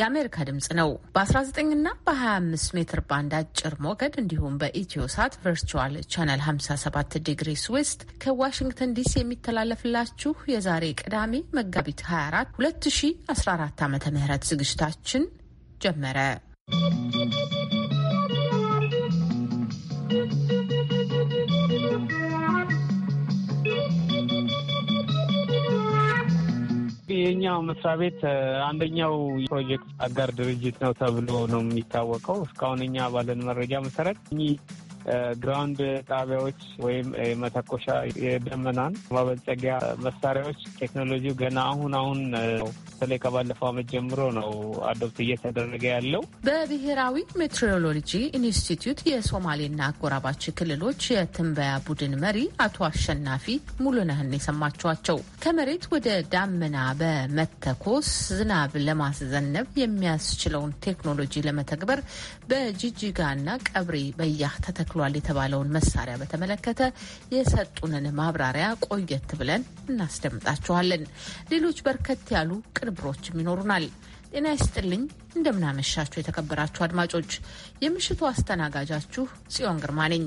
የአሜሪካ ድምጽ ነው። በ19 እና በ25 ሜትር ባንድ አጭር ሞገድ እንዲሁም በኢትዮ ሳት ቨርቹዋል ቻናል 57 ዲግሪ ስዌስት ከዋሽንግተን ዲሲ የሚተላለፍላችሁ የዛሬ ቅዳሜ መጋቢት 24 2014 ዓ ም ዝግጅታችን ጀመረ። የኛው መስሪያ ቤት አንደኛው ፕሮጀክት አጋር ድርጅት ነው ተብሎ ነው የሚታወቀው። እስካሁን እኛ ባለን መረጃ መሰረት ግራውንድ ጣቢያዎች ወይም የመተኮሻ የደመናን ማበልጸጊያ መሳሪያዎች ቴክኖሎጂ ገና አሁን አሁን በተለይ ከባለፈው ዓመት ጀምሮ ነው አዶፕት እየተደረገ ያለው። በብሔራዊ ሜትሮሎጂ ኢንስቲትዩት የሶማሌና አጎራባች ክልሎች የትንበያ ቡድን መሪ አቶ አሸናፊ ሙሉነህን የሰማችኋቸው ከመሬት ወደ ዳመና በመተኮስ ዝናብ ለማስዘነብ የሚያስችለውን ቴክኖሎጂ ለመተግበር በጂጂጋና ቀብሬ በያህ ተተክ ተተክሏል የተባለውን መሳሪያ በተመለከተ የሰጡንን ማብራሪያ ቆየት ብለን እናስደምጣችኋለን። ሌሎች በርከት ያሉ ቅንብሮችም ይኖሩናል። ጤና ይስጥልኝ፣ እንደምናመሻችሁ የተከበራችሁ አድማጮች፣ የምሽቱ አስተናጋጃችሁ ጽዮን ግርማ ነኝ።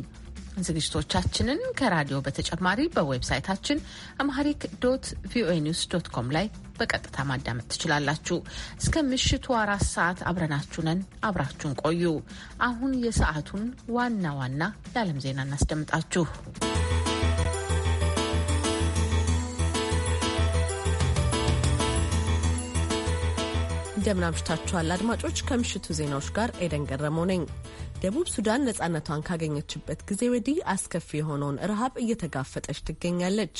ዝግጅቶቻችንን ከራዲዮ በተጨማሪ በዌብሳይታችን አምሃሪክ ዶት ቪኦኤ ኒውስ ዶት ኮም ላይ በቀጥታ ማዳመጥ ትችላላችሁ። እስከ ምሽቱ አራት ሰዓት አብረናችሁ ነን። አብራችሁን ቆዩ። አሁን የሰዓቱን ዋና ዋና የዓለም ዜና እናስደምጣችሁ። እንደምናምሽታችኋል አድማጮች። ከምሽቱ ዜናዎች ጋር ኤደን ገረመው ነኝ። ደቡብ ሱዳን ነጻነቷን ካገኘችበት ጊዜ ወዲህ አስከፊ የሆነውን ረሃብ እየተጋፈጠች ትገኛለች።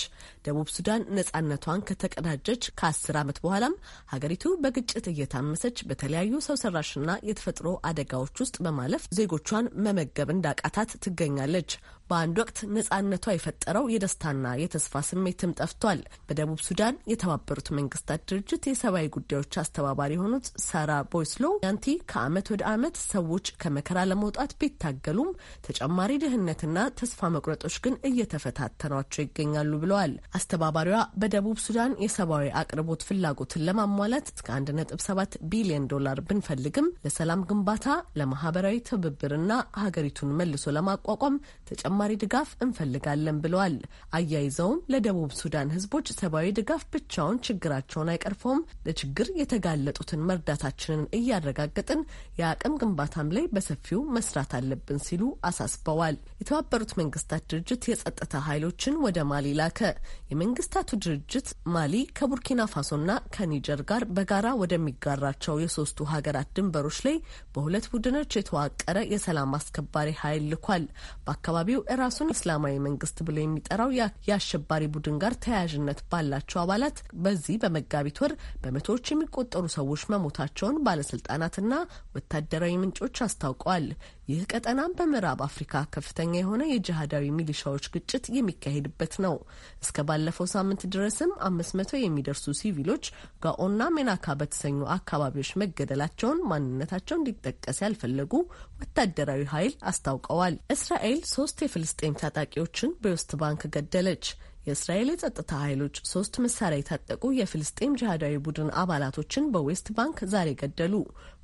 ደቡብ ሱዳን ነጻነቷን ከተቀዳጀች ከአስር ዓመት በኋላም ሀገሪቱ በግጭት እየታመሰች በተለያዩ ሰው ሰራሽና የተፈጥሮ አደጋዎች ውስጥ በማለፍ ዜጎቿን መመገብ እንዳቃታት ትገኛለች። በአንድ ወቅት ነጻነቷ የፈጠረው የደስታና የተስፋ ስሜትም ጠፍቷል። በደቡብ ሱዳን የተባበሩት መንግስታት ድርጅት የሰብአዊ ጉዳዮች አስተባባሪ የሆኑት ሳራ ቦይስሎ ያንቲ ከአመት ወደ አመት ሰዎች ከመከራ ለመውጣት ቢታገሉም ተጨማሪ ድህነትና ተስፋ መቁረጦች ግን እየተፈታተኗቸው ይገኛሉ ብለዋል። አስተባባሪዋ በደቡብ ሱዳን የሰብአዊ አቅርቦት ፍላጎትን ለማሟላት እስከ 1.7 ቢሊዮን ዶላር ብንፈልግም ለሰላም ግንባታ፣ ለማህበራዊ ትብብርና ሀገሪቱን መልሶ ለማቋቋም ተጨማ ተጨማሪ ድጋፍ እንፈልጋለን ብለዋል። አያይዘውም ለደቡብ ሱዳን ህዝቦች ሰብአዊ ድጋፍ ብቻውን ችግራቸውን አይቀርፈውም፣ ለችግር የተጋለጡትን መርዳታችንን እያረጋገጥን የአቅም ግንባታም ላይ በሰፊው መስራት አለብን ሲሉ አሳስበዋል። የተባበሩት መንግስታት ድርጅት የጸጥታ ኃይሎችን ወደ ማሊ ላከ። የመንግስታቱ ድርጅት ማሊ ከቡርኪና ፋሶና ከኒጀር ጋር በጋራ ወደሚጋራቸው የሶስቱ ሀገራት ድንበሮች ላይ በሁለት ቡድኖች የተዋቀረ የሰላም አስከባሪ ኃይል ልኳል። በአካባቢው ራሱን እስላማዊ መንግስት ብሎ የሚጠራው የአሸባሪ ቡድን ጋር ተያያዥነት ባላቸው አባላት በዚህ በመጋቢት ወር በመቶዎች የሚቆጠሩ ሰዎች መሞታቸውን ባለስልጣናትና ወታደራዊ ምንጮች አስታውቀዋል። ይህ ቀጠናም በምዕራብ አፍሪካ ከፍተኛ የሆነ የጂሃዳዊ ሚሊሻዎች ግጭት የሚካሄድበት ነው። እስከ ባለፈው ሳምንት ድረስም አምስት መቶ የሚደርሱ ሲቪሎች ጋኦና ሜናካ በተሰኙ አካባቢዎች መገደላቸውን ማንነታቸው እንዲጠቀስ ያልፈለጉ ወታደራዊ ኃይል አስታውቀዋል። እስራኤል ሶስት የፍልስጤም ታጣቂዎችን በዌስት ባንክ ገደለች። የእስራኤል የጸጥታ ኃይሎች ሶስት መሳሪያ የታጠቁ የፍልስጤም ጂሃዳዊ ቡድን አባላቶችን በዌስት ባንክ ዛሬ ገደሉ።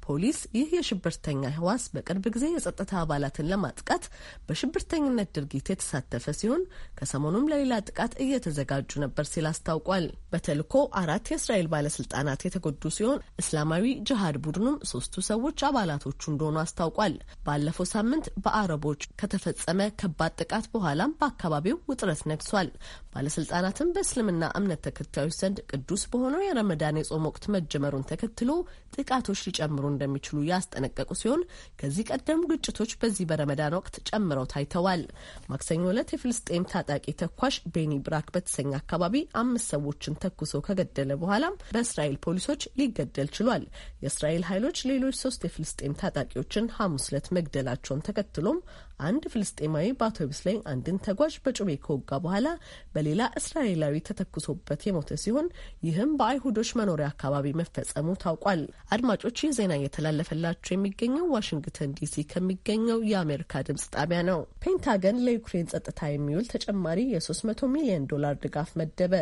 ፖሊስ ይህ የሽብርተኛ ህዋስ በቅርብ ጊዜ የጸጥታ አባላትን ለማጥቃት በሽብርተኝነት ድርጊት የተሳተፈ ሲሆን ከሰሞኑም ለሌላ ጥቃት እየተዘጋጁ ነበር ሲል አስታውቋል። በተልኮ አራት የእስራኤል ባለስልጣናት የተጎዱ ሲሆን እስላማዊ ጅሃድ ቡድኑም ሶስቱ ሰዎች አባላቶቹ እንደሆኑ አስታውቋል። ባለፈው ሳምንት በአረቦች ከተፈጸመ ከባድ ጥቃት በኋላም በአካባቢው ውጥረት ነግሷል። ባለስልጣናትም በእስልምና እምነት ተከታዮች ዘንድ ቅዱስ በሆነው የረመዳን የጾም ወቅት መጀመሩን ተከትሎ ጥቃቶች ሊጨምሩ እንደሚችሉ ያስጠነቀቁ ሲሆን ከዚህ ቀደም ግጭቶች በዚህ በረመዳን ወቅት ጨምረው ታይተዋል። ማክሰኞ ዕለት የፍልስጤም ታጣቂ ተኳሽ ቤኒ ብራክ በተሰኘ አካባቢ አምስት ሰዎችን ተኩሶ ከገደለ በኋላም በእስራኤል ፖሊሶች ሊገደል ችሏል። የእስራኤል ኃይሎች ሌሎች ሶስት የፍልስጤም ታጣቂዎችን ሐሙስ ዕለት መግደላቸውን ተከትሎም አንድ ፍልስጤማዊ በአውቶቡስ ላይ አንድን ተጓዥ በጩቤ ከወጋ በኋላ በሌላ እስራኤላዊ ተተኩሶበት የሞተ ሲሆን ይህም በአይሁዶች መኖሪያ አካባቢ መፈጸሙ ታውቋል። አድማጮች ይህ ዜና እየተላለፈላቸው የሚገኘው ዋሽንግተን ዲሲ ከሚገኘው የአሜሪካ ድምጽ ጣቢያ ነው። ፔንታገን ለዩክሬን ጸጥታ የሚውል ተጨማሪ የ300 ሚሊዮን ዶላር ድጋፍ መደበ።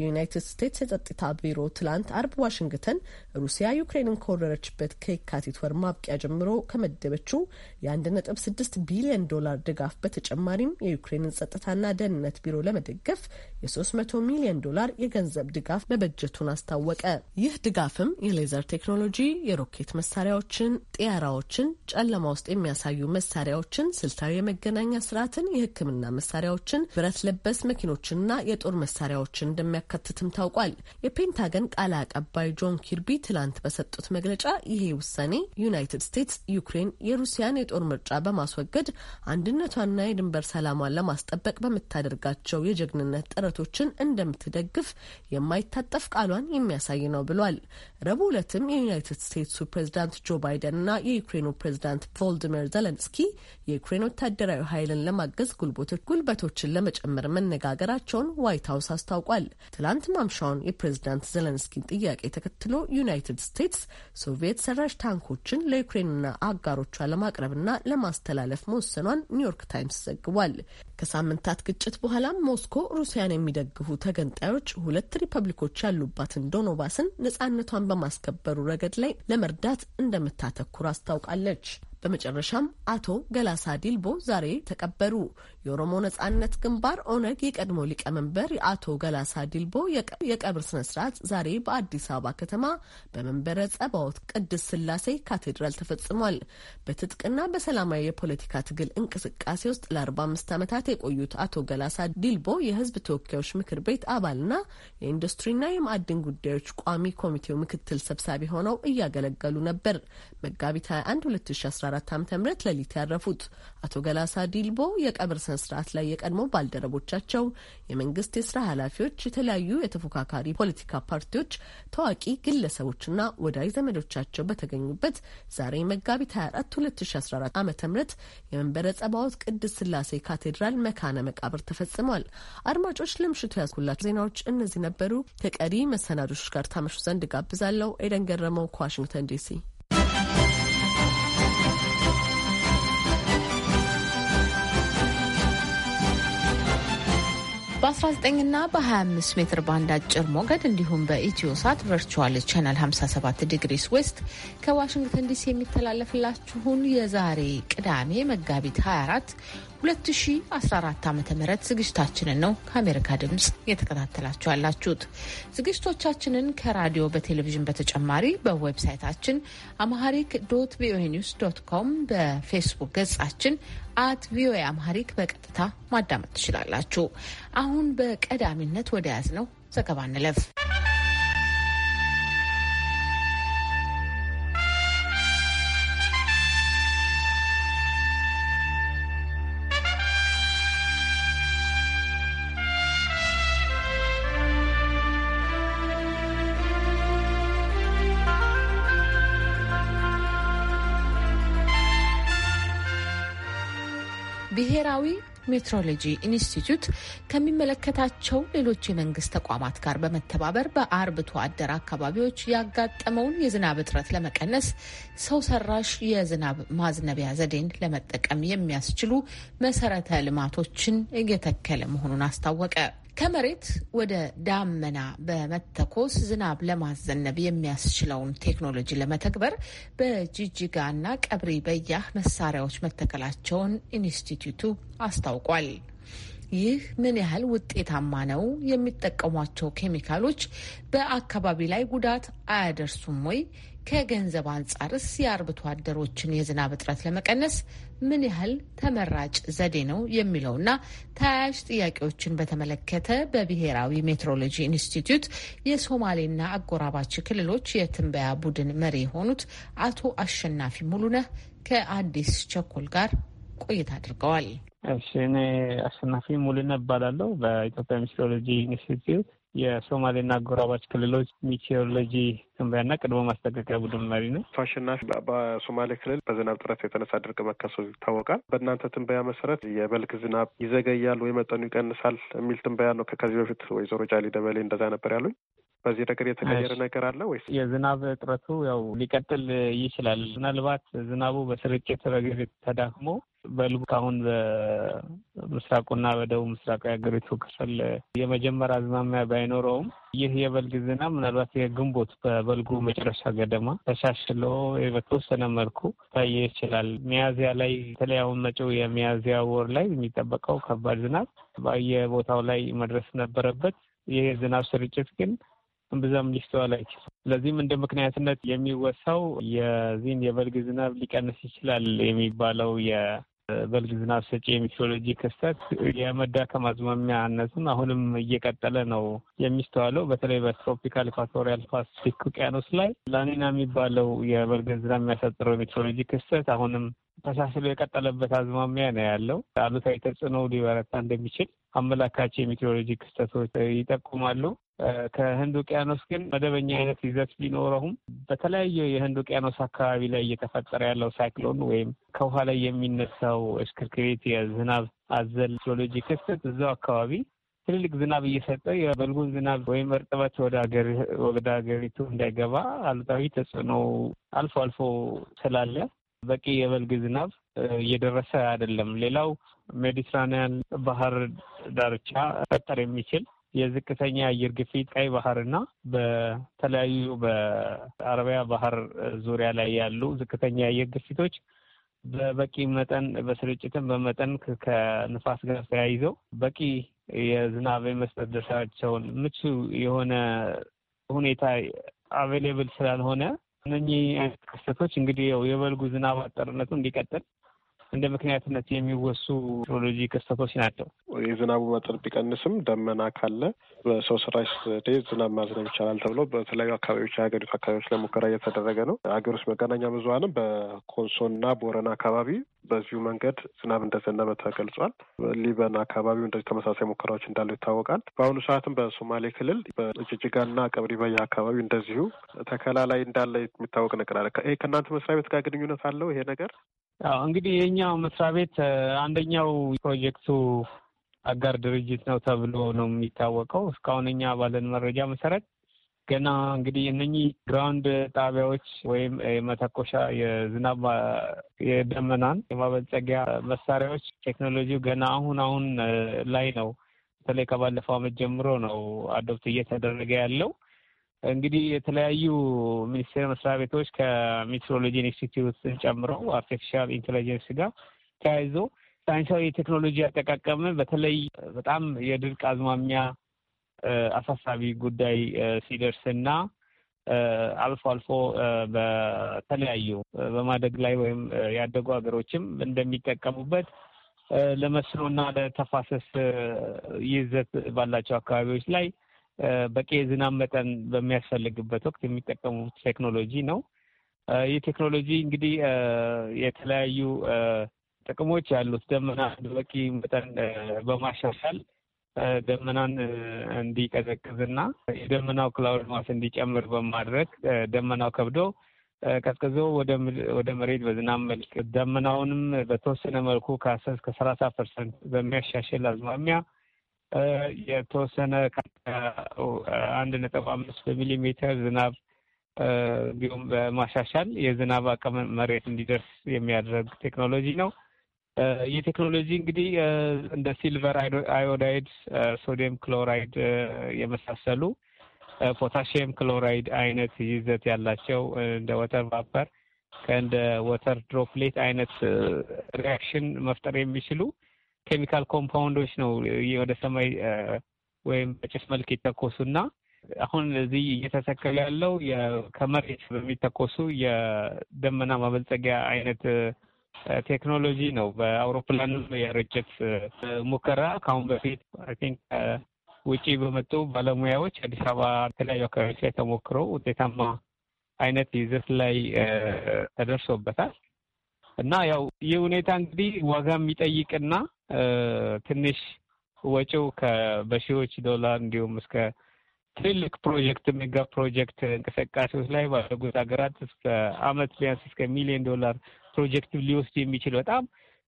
የዩናይትድ ስቴትስ የጸጥታ ቢሮ ትላንት አርብ ዋሽንግተን ሩሲያ ዩክሬንን ከወረረችበት ከየካቲት ወር ማብቂያ ጀምሮ ከመደበችው የ1.6 ቢሊዮን ዶላር ድጋፍ በተጨማሪም የዩክሬንን ጸጥታና ደህንነት ቢሮ ለመደገፍ የ300 ሚሊዮን ዶላር የገንዘብ ድጋፍ መበጀቱን አስታወቀ። ይህ ድጋፍም የሌዘር ቴክኖሎጂ፣ የሮኬት መሳሪያዎችን፣ ጥያራዎችን፣ ጨለማ ውስጥ የሚያሳዩ መሳሪያዎችን፣ ስልታዊ የመገናኛ ስርዓትን፣ የሕክምና መሳሪያዎችን፣ ብረት ለበስ መኪኖችንና የጦር መሳሪያዎችን እንደሚያ እንደሚያካትትም ታውቋል። የፔንታገን ቃል አቀባይ ጆን ኪርቢ ትላንት በሰጡት መግለጫ ይሄ ውሳኔ ዩናይትድ ስቴትስ ዩክሬን የሩሲያን የጦር ምርጫ በማስወገድ አንድነቷንና የድንበር ሰላሟን ለማስጠበቅ በምታደርጋቸው የጀግንነት ጥረቶችን እንደምትደግፍ የማይታጠፍ ቃሏን የሚያሳይ ነው ብሏል። ረቡዕ ዕለትም የዩናይትድ ስቴትሱ ፕሬዚዳንት ጆ ባይደንና የዩክሬኑ ፕሬዚዳንት ቮልዲሚር ዘለንስኪ የዩክሬን ወታደራዊ ኃይልን ለማገዝ ጉልበቶችን ለመጨመር መነጋገራቸውን ዋይት ሀውስ አስታውቋል። ትላንት ማምሻውን የፕሬዝዳንት ዘለንስኪን ጥያቄ ተከትሎ ዩናይትድ ስቴትስ ሶቪየት ሰራሽ ታንኮችን ለዩክሬንና አጋሮቿ ለማቅረብና ለማስተላለፍ መወሰኗን ኒውዮርክ ታይምስ ዘግቧል። ከሳምንታት ግጭት በኋላም ሞስኮ ሩሲያን የሚደግፉ ተገንጣዮች ሁለት ሪፐብሊኮች ያሉባትን ዶኖባስን ነጻነቷን በማስከበሩ ረገድ ላይ ለመርዳት እንደምታተኩር አስታውቃለች። በመጨረሻም አቶ ገላሳ ዲልቦ ዛሬ ተቀበሩ። የኦሮሞ ነጻነት ግንባር ኦነግ የቀድሞ ሊቀመንበር የአቶ ገላሳ ዲልቦ የቀብር ስነ ስርዓት ዛሬ በአዲስ አበባ ከተማ በመንበረ ጸባዖት ቅድስት ስላሴ ካቴድራል ተፈጽሟል። በትጥቅና በሰላማዊ የፖለቲካ ትግል እንቅስቃሴ ውስጥ ለ45 ዓመታት የቆዩት አቶ ገላሳ ዲልቦ የህዝብ ተወካዮች ምክር ቤት አባልና የኢንዱስትሪና የማዕድን ጉዳዮች ቋሚ ኮሚቴው ምክትል ሰብሳቢ ሆነው እያገለገሉ ነበር። መጋቢት 21 2014 ዓ ም ሌሊት ያረፉት አቶ ገላሳ ዲልቦ የቀብር ስነ ስርዓት ላይ የቀድሞ ባልደረቦቻቸው፣ የመንግስት የስራ ኃላፊዎች፣ የተለያዩ የተፎካካሪ ፖለቲካ ፓርቲዎች፣ ታዋቂ ግለሰቦችና ወዳጅ ዘመዶቻቸው በተገኙበት ዛሬ መጋቢት 24 2014 ዓ ም የመንበረ ጸባዖት ቅድስት ስላሴ ካቴድራል መካነ መቃብር ተፈጽሟል። አድማጮች ለምሽቱ ያዝኩላቸው ዜናዎች እነዚህ ነበሩ። ከቀሪ መሰናዶች ጋር ታመሹ ዘንድ ጋብዛለሁ። ኤደን ገረመው ከዋሽንግተን ዲሲ በ19 ና በ25 ሜትር ባንድ አጭር ሞገድ እንዲሁም በኢትዮ ሳት ቨርቹዋል ቻናል 57 ዲግሪስ ዌስት ከዋሽንግተን ዲሲ የሚተላለፍላችሁን የዛሬ ቅዳሜ መጋቢት 24 2014 ዓ ም ዝግጅታችንን ነው ከአሜሪካ ድምፅ እየተከታተላችሁ ያላችሁት። ዝግጅቶቻችንን ከራዲዮ በቴሌቪዥን በተጨማሪ በዌብሳይታችን አምሃሪክ ዶት ቪኦኤ ኒውስ ዶት ኮም በፌስቡክ ገጻችን አት ቪኦኤ አምሃሪክ በቀጥታ ማዳመጥ ትችላላችሁ። አሁን በቀዳሚነት ወደ ያዝ ነው ዘገባ እንለፍ። ብሔራዊ ሜትሮሎጂ ኢንስቲትዩት ከሚመለከታቸው ሌሎች የመንግስት ተቋማት ጋር በመተባበር በአርብቶ አደር አካባቢዎች ያጋጠመውን የዝናብ እጥረት ለመቀነስ ሰው ሰራሽ የዝናብ ማዝነቢያ ዘዴን ለመጠቀም የሚያስችሉ መሰረተ ልማቶችን እየተከለ መሆኑን አስታወቀ። ከመሬት ወደ ዳመና በመተኮስ ዝናብ ለማዘነብ የሚያስችለውን ቴክኖሎጂ ለመተግበር በጂጂጋና ቀብሪ በያህ መሳሪያዎች መተከላቸውን ኢንስቲትዩቱ አስታውቋል። ይህ ምን ያህል ውጤታማ ነው? የሚጠቀሟቸው ኬሚካሎች በአካባቢ ላይ ጉዳት አያደርሱም ወይ? ከገንዘብ አንጻርስ የአርብቶ አደሮችን የዝናብ እጥረት ለመቀነስ ምን ያህል ተመራጭ ዘዴ ነው የሚለውና ተያያዥ ጥያቄዎችን በተመለከተ በብሔራዊ ሜትሮሎጂ ኢንስቲትዩት የሶማሌና አጎራባች ክልሎች የትንበያ ቡድን መሪ የሆኑት አቶ አሸናፊ ሙሉነህ ከአዲስ ቸኮል ጋር ቆይታ አድርገዋል። እሺ እኔ አሸናፊ ሙሉነህ እባላለሁ በኢትዮጵያ ሜትሮሎጂ ኢንስቲትዩት የሶማሌና አጎራባች ክልሎች ሚቴዎሮሎጂ ትንበያና ቅድመ ማስጠንቀቂያ ቡድን መሪ ነው። አሸናፊ በሶማሌ ክልል በዝናብ ጥረት የተነሳ ድርቅ መከሰቱ ይታወቃል። በእናንተ ትንበያ መሰረት የበልግ ዝናብ ይዘገያል ወይ መጠኑ ይቀንሳል የሚል ትንበያ ነው። ከዚህ በፊት ወይዘሮ ጃሊ ደበሌ እንደዛ ነበር ያሉኝ። በዚህ ነገር የተቀየረ ነገር አለ ወይስ? የዝናብ እጥረቱ ያው ሊቀጥል ይችላል። ምናልባት ዝናቡ በስርጭት ረገድ ተዳክሞ በልቡ አሁን በምስራቁና በደቡብ ምስራቁ የሀገሪቱ ክፍል የመጀመሪያ አዝማሚያ ባይኖረውም ይህ የበልግ ዝናብ ምናልባት የግንቦት በበልጉ መጨረሻ ገደማ ተሻሽሎ በተወሰነ መልኩ ታየ ይችላል። ሚያዚያ ላይ የተለያውን መጪው የሚያዚያ ወር ላይ የሚጠበቀው ከባድ ዝናብ በየቦታው ላይ መድረስ ነበረበት። ይህ ዝናብ ስርጭት ግን ብዛም ሊስተዋል አይችል። ስለዚህም እንደ ምክንያትነት የሚወሳው የዚህን የበልግ ዝናብ ሊቀንስ ይችላል የሚባለው በልግ ዝናብ ሰጪ የሚቲዎሎጂ ክስተት የመዳከም አዝማሚያነትም አሁንም እየቀጠለ ነው የሚስተዋለው። በተለይ በትሮፒካል ኢኳቶሪያል ፓሲፊክ ውቅያኖስ ላይ ላኒና የሚባለው የበልግ ዝናብ የሚያሳጥረው የሚቲዎሎጂ ክስተት አሁንም ተሳስሎ የቀጠለበት አዝማሚያ ነው ያለው። አሉታዊ ተጽዕኖ ሊበረታ እንደሚችል አመላካች የሜቴዎሮሎጂ ክስተቶች ይጠቁማሉ። ከህንድ ውቅያኖስ ግን መደበኛ አይነት ይዘት ቢኖረውም በተለያየ የህንድ ውቅያኖስ አካባቢ ላይ እየተፈጠረ ያለው ሳይክሎን ወይም ከውሃ ላይ የሚነሳው እሽክርክሪት የዝናብ አዘል ጂኦሎጂ ክስተት እዛው አካባቢ ትልልቅ ዝናብ እየሰጠ የበልጉን ዝናብ ወይም እርጥበት ወደ ሀገሪቱ እንዳይገባ አሉታዊ ተጽዕኖ አልፎ አልፎ ስላለ በቂ የበልግ ዝናብ እየደረሰ አይደለም። ሌላው ሜዲትራኒያን ባህር ዳርቻ ፈጠር የሚችል የዝቅተኛ አየር ግፊት ቀይ ባህርና በተለያዩ በአረቢያ ባህር ዙሪያ ላይ ያሉ ዝቅተኛ አየር ግፊቶች በበቂ መጠን በስርጭትም በመጠን ከንፋስ ጋር ተያይዘው በቂ የዝናብ የመስጠት ደሳቸውን ምቹ የሆነ ሁኔታ አቬሌብል ስላልሆነ እነኚህ አይነት ክስተቶች እንግዲህ የበልጉ ዝናብ አጠርነቱ እንዲቀጥል እንደ ምክንያትነት የሚወሱ ቴክኖሎጂ ክስተቶች ናቸው። የዝናቡ መጠን ቢቀንስም ደመና ካለ በሰው ሰራሽ ዴ ዝናብ ማዝነብ ይቻላል ተብሎ በተለያዩ አካባቢዎች የሀገሪቱ አካባቢዎች ሙከራ እየተደረገ ነው። ሀገር ውስጥ መገናኛ በኮንሶ በኮንሶና ቦረና አካባቢ በዚሁ መንገድ ዝናብ እንደዘነበ ተገልጿል። ሊበን አካባቢው እንደዚህ ተመሳሳይ ሙከራዎች እንዳሉ ይታወቃል። በአሁኑ ሰዓትም በሶማሌ ክልል በጅጅጋና በያ አካባቢ እንደዚሁ ተከላላይ እንዳለ የሚታወቅ ነገር አለ። ይሄ ከእናንተ መስሪያ ቤት ጋር ግንኙነት አለው ይሄ ነገር? እንግዲህ የኛው መስሪያ ቤት አንደኛው ፕሮጀክቱ አጋር ድርጅት ነው ተብሎ ነው የሚታወቀው። እስካሁን እኛ ባለን መረጃ መሰረት ገና እንግዲህ እነኚህ ግራውንድ ጣቢያዎች ወይም የመተኮሻ የዝናብ የደመናን የማበልጸጊያ መሳሪያዎች ቴክኖሎጂው ገና አሁን አሁን ላይ ነው። በተለይ ከባለፈው ዓመት ጀምሮ ነው አዶፕት እየተደረገ ያለው። እንግዲህ የተለያዩ ሚኒስቴር መስሪያ ቤቶች ከሜትሮሎጂ ኢንስቲትዩት ጨምሮ አርቲፊሻል ኢንቴሊጀንስ ጋር ተያይዞ ሳይንሳዊ የቴክኖሎጂ አጠቃቀምን በተለይ በጣም የድርቅ አዝማሚያ አሳሳቢ ጉዳይ ሲደርስና አልፎ አልፎ በተለያዩ በማደግ ላይ ወይም ያደጉ ሀገሮችም እንደሚጠቀሙበት ለመስኖና ለተፋሰስ ይዘት ባላቸው አካባቢዎች ላይ በቂ የዝናብ መጠን በሚያስፈልግበት ወቅት የሚጠቀሙት ቴክኖሎጂ ነው። ይህ ቴክኖሎጂ እንግዲህ የተለያዩ ጥቅሞች ያሉት ደመና በቂ መጠን በማሻሻል ደመናን እንዲቀዘቅዝና የደመናው ክላውድ ማስ እንዲጨምር በማድረግ ደመናው ከብዶ ቀዝቅዞ ወደ መሬት በዝናብ መልክ ደመናውንም በተወሰነ መልኩ ከአስር እስከ ሰላሳ ፐርሰንት በሚያሻሽል አዝማሚያ የተወሰነ አንድ ነጥብ አምስት ሚሊሜትር ዝናብ እንዲሁም በማሻሻል የዝናብ አቅም መሬት እንዲደርስ የሚያደርግ ቴክኖሎጂ ነው። ይህ ቴክኖሎጂ እንግዲህ እንደ ሲልቨር አዮዳይድ፣ ሶዲየም ክሎራይድ የመሳሰሉ ፖታሽየም ክሎራይድ አይነት ይዘት ያላቸው እንደ ወተር ቫፐር ከእንደ ወተር ድሮፕሌት አይነት ሪያክሽን መፍጠር የሚችሉ ኬሚካል ኮምፓውንዶች ነው ወደ ሰማይ ወይም በጭስ መልክ እና አሁን እዚህ እየተሰከለ ያለው ከመሬት በሚተኮሱ የደመና ማበልጸጊያ አይነት ቴክኖሎጂ ነው። በአውሮፕላን የርጭት ሙከራ ከአሁን በፊት አይ ቲንክ ውጪ በመጡ ባለሙያዎች አዲስ አበባ የተለያዩ አካባቢዎች ላይ ተሞክሮ ውጤታማ አይነት ይዘት ላይ ተደርሶበታል እና ያው ይህ ሁኔታ እንግዲህ ዋጋ የሚጠይቅና ትንሽ ወጪው በሺዎች ዶላር እንዲሁም እስከ ትልቅ ፕሮጀክት ሜጋ ፕሮጀክት እንቅስቃሴዎች ላይ ባደጉት ሀገራት እስከ አመት ቢያንስ እስከ ሚሊዮን ዶላር ፕሮጀክት ሊወስድ የሚችል በጣም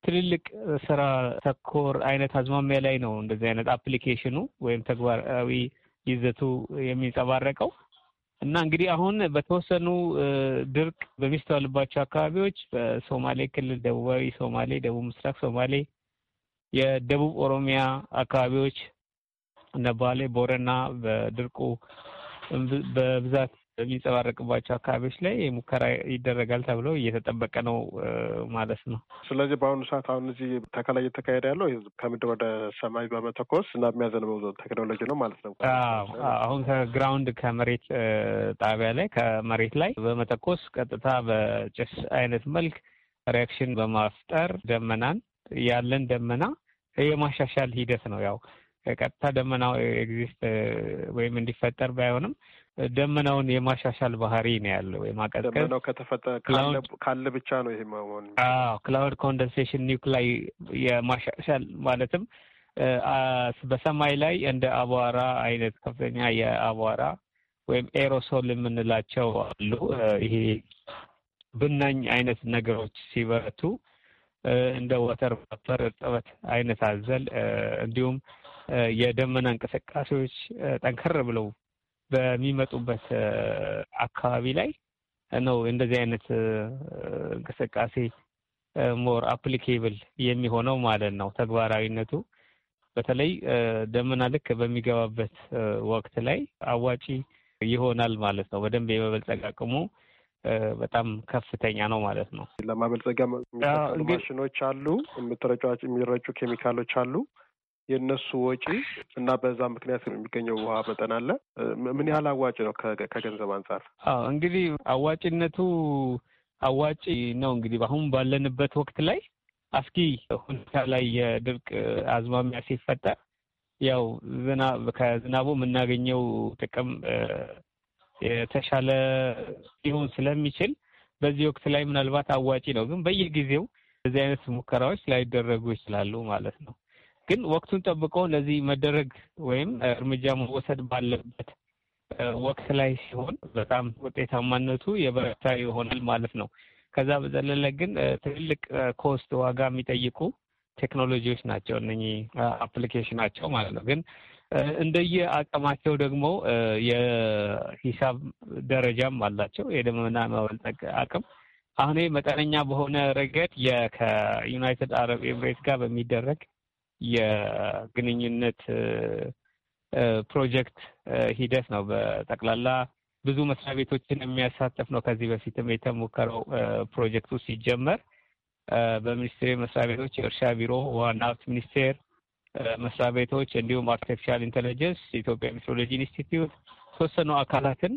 ትልልቅ ስራ ተኮር አይነት አዝማሚያ ላይ ነው እንደዚህ አይነት አፕሊኬሽኑ ወይም ተግባራዊ ይዘቱ የሚንጸባረቀው እና እንግዲህ አሁን በተወሰኑ ድርቅ በሚስተዋልባቸው አካባቢዎች በሶማሌ ክልል፣ ደቡባዊ ሶማሌ፣ ደቡብ ምስራቅ ሶማሌ የደቡብ ኦሮሚያ አካባቢዎች እነ ባሌ፣ ቦረና በድርቁ በብዛት በሚንጸባረቅባቸው አካባቢዎች ላይ ሙከራ ይደረጋል ተብሎ እየተጠበቀ ነው ማለት ነው። ስለዚህ በአሁኑ ሰዓት አሁን እዚህ ተከላ እየተካሄደ ያለው ከምድር ወደ ሰማይ በመተኮስ እና የሚያዘንበው ቴክኖሎጂ ነው ማለት ነው። አሁን ከግራውንድ ከመሬት ጣቢያ ላይ ከመሬት ላይ በመተኮስ ቀጥታ በጭስ አይነት መልክ ሪያክሽን በማፍጠር ደመናን ያለን ደመና የማሻሻል ሂደት ነው። ያው ቀጥታ ደመናው ኤግዚስት ወይም እንዲፈጠር ባይሆንም ደመናውን የማሻሻል ባህሪ ነው ያለው። የማቀዝቀዝ ደመናው ከተፈጠረ ካለ ብቻ ነው ይሄ መሆን። አዎ ክላውድ ኮንደንሴሽን ኒውክላይ የማሻሻል ማለትም በሰማይ ላይ እንደ አቧራ አይነት ከፍተኛ የአቧራ ወይም ኤሮሶል የምንላቸው አሉ። ይሄ ብናኝ አይነት ነገሮች ሲበረቱ እንደ ወተር ቫፐር እርጥበት አይነት አዘል እንዲሁም የደመና እንቅስቃሴዎች ጠንከር ብለው በሚመጡበት አካባቢ ላይ ነው እንደዚህ አይነት እንቅስቃሴ ሞር አፕሊኬብል የሚሆነው ማለት ነው። ተግባራዊነቱ በተለይ ደመና ልክ በሚገባበት ወቅት ላይ አዋጪ ይሆናል ማለት ነው። በደንብ የመበልጸግ አቅሙ በጣም ከፍተኛ ነው ማለት ነው። ለማበልጸጊያ ማሽኖች አሉ፣ የሚረጩ ኬሚካሎች አሉ። የእነሱ ወጪ እና በዛ ምክንያት የሚገኘው ውሃ መጠን አለ። ምን ያህል አዋጭ ነው ከገንዘብ አንጻር? እንግዲህ አዋጭነቱ አዋጭ ነው እንግዲህ አሁን ባለንበት ወቅት ላይ አስኪ ሁኔታ ላይ የድርቅ አዝማሚያ ሲፈጠር ያው ከዝናቡ የምናገኘው ጥቅም የተሻለ ሊሆን ስለሚችል በዚህ ወቅት ላይ ምናልባት አዋጪ ነው። ግን በየጊዜው እዚህ አይነት ሙከራዎች ላይደረጉ ይችላሉ ማለት ነው። ግን ወቅቱን ጠብቆ ለዚህ መደረግ ወይም እርምጃ መወሰድ ባለበት ወቅት ላይ ሲሆን በጣም ውጤታማነቱ የበረታ ይሆናል ማለት ነው። ከዛ በዘለለ ግን ትልልቅ ኮስት ዋጋ የሚጠይቁ ቴክኖሎጂዎች ናቸው እነኚህ አፕሊኬሽን ናቸው ማለት ነው ግን እንደየ አቅማቸው ደግሞ የሂሳብ ደረጃም አላቸው። የደመና መበልጠቅ አቅም አሁን መጠነኛ በሆነ ረገድ ከዩናይትድ አረብ ኤምሬት ጋር በሚደረግ የግንኙነት ፕሮጀክት ሂደት ነው። በጠቅላላ ብዙ መስሪያ ቤቶችን የሚያሳተፍ ነው። ከዚህ በፊትም የተሞከረው ፕሮጀክቱ ሲጀመር በሚኒስቴር መስሪያ ቤቶች የእርሻ ቢሮ፣ ውሃና ሀብት ሚኒስቴር መስሪያ ቤቶች እንዲሁም አርቲፊሻል ኢንቴሊጀንስ ኢትዮጵያ ሜትሮሎጂ ኢንስቲትዩት የተወሰኑ አካላትን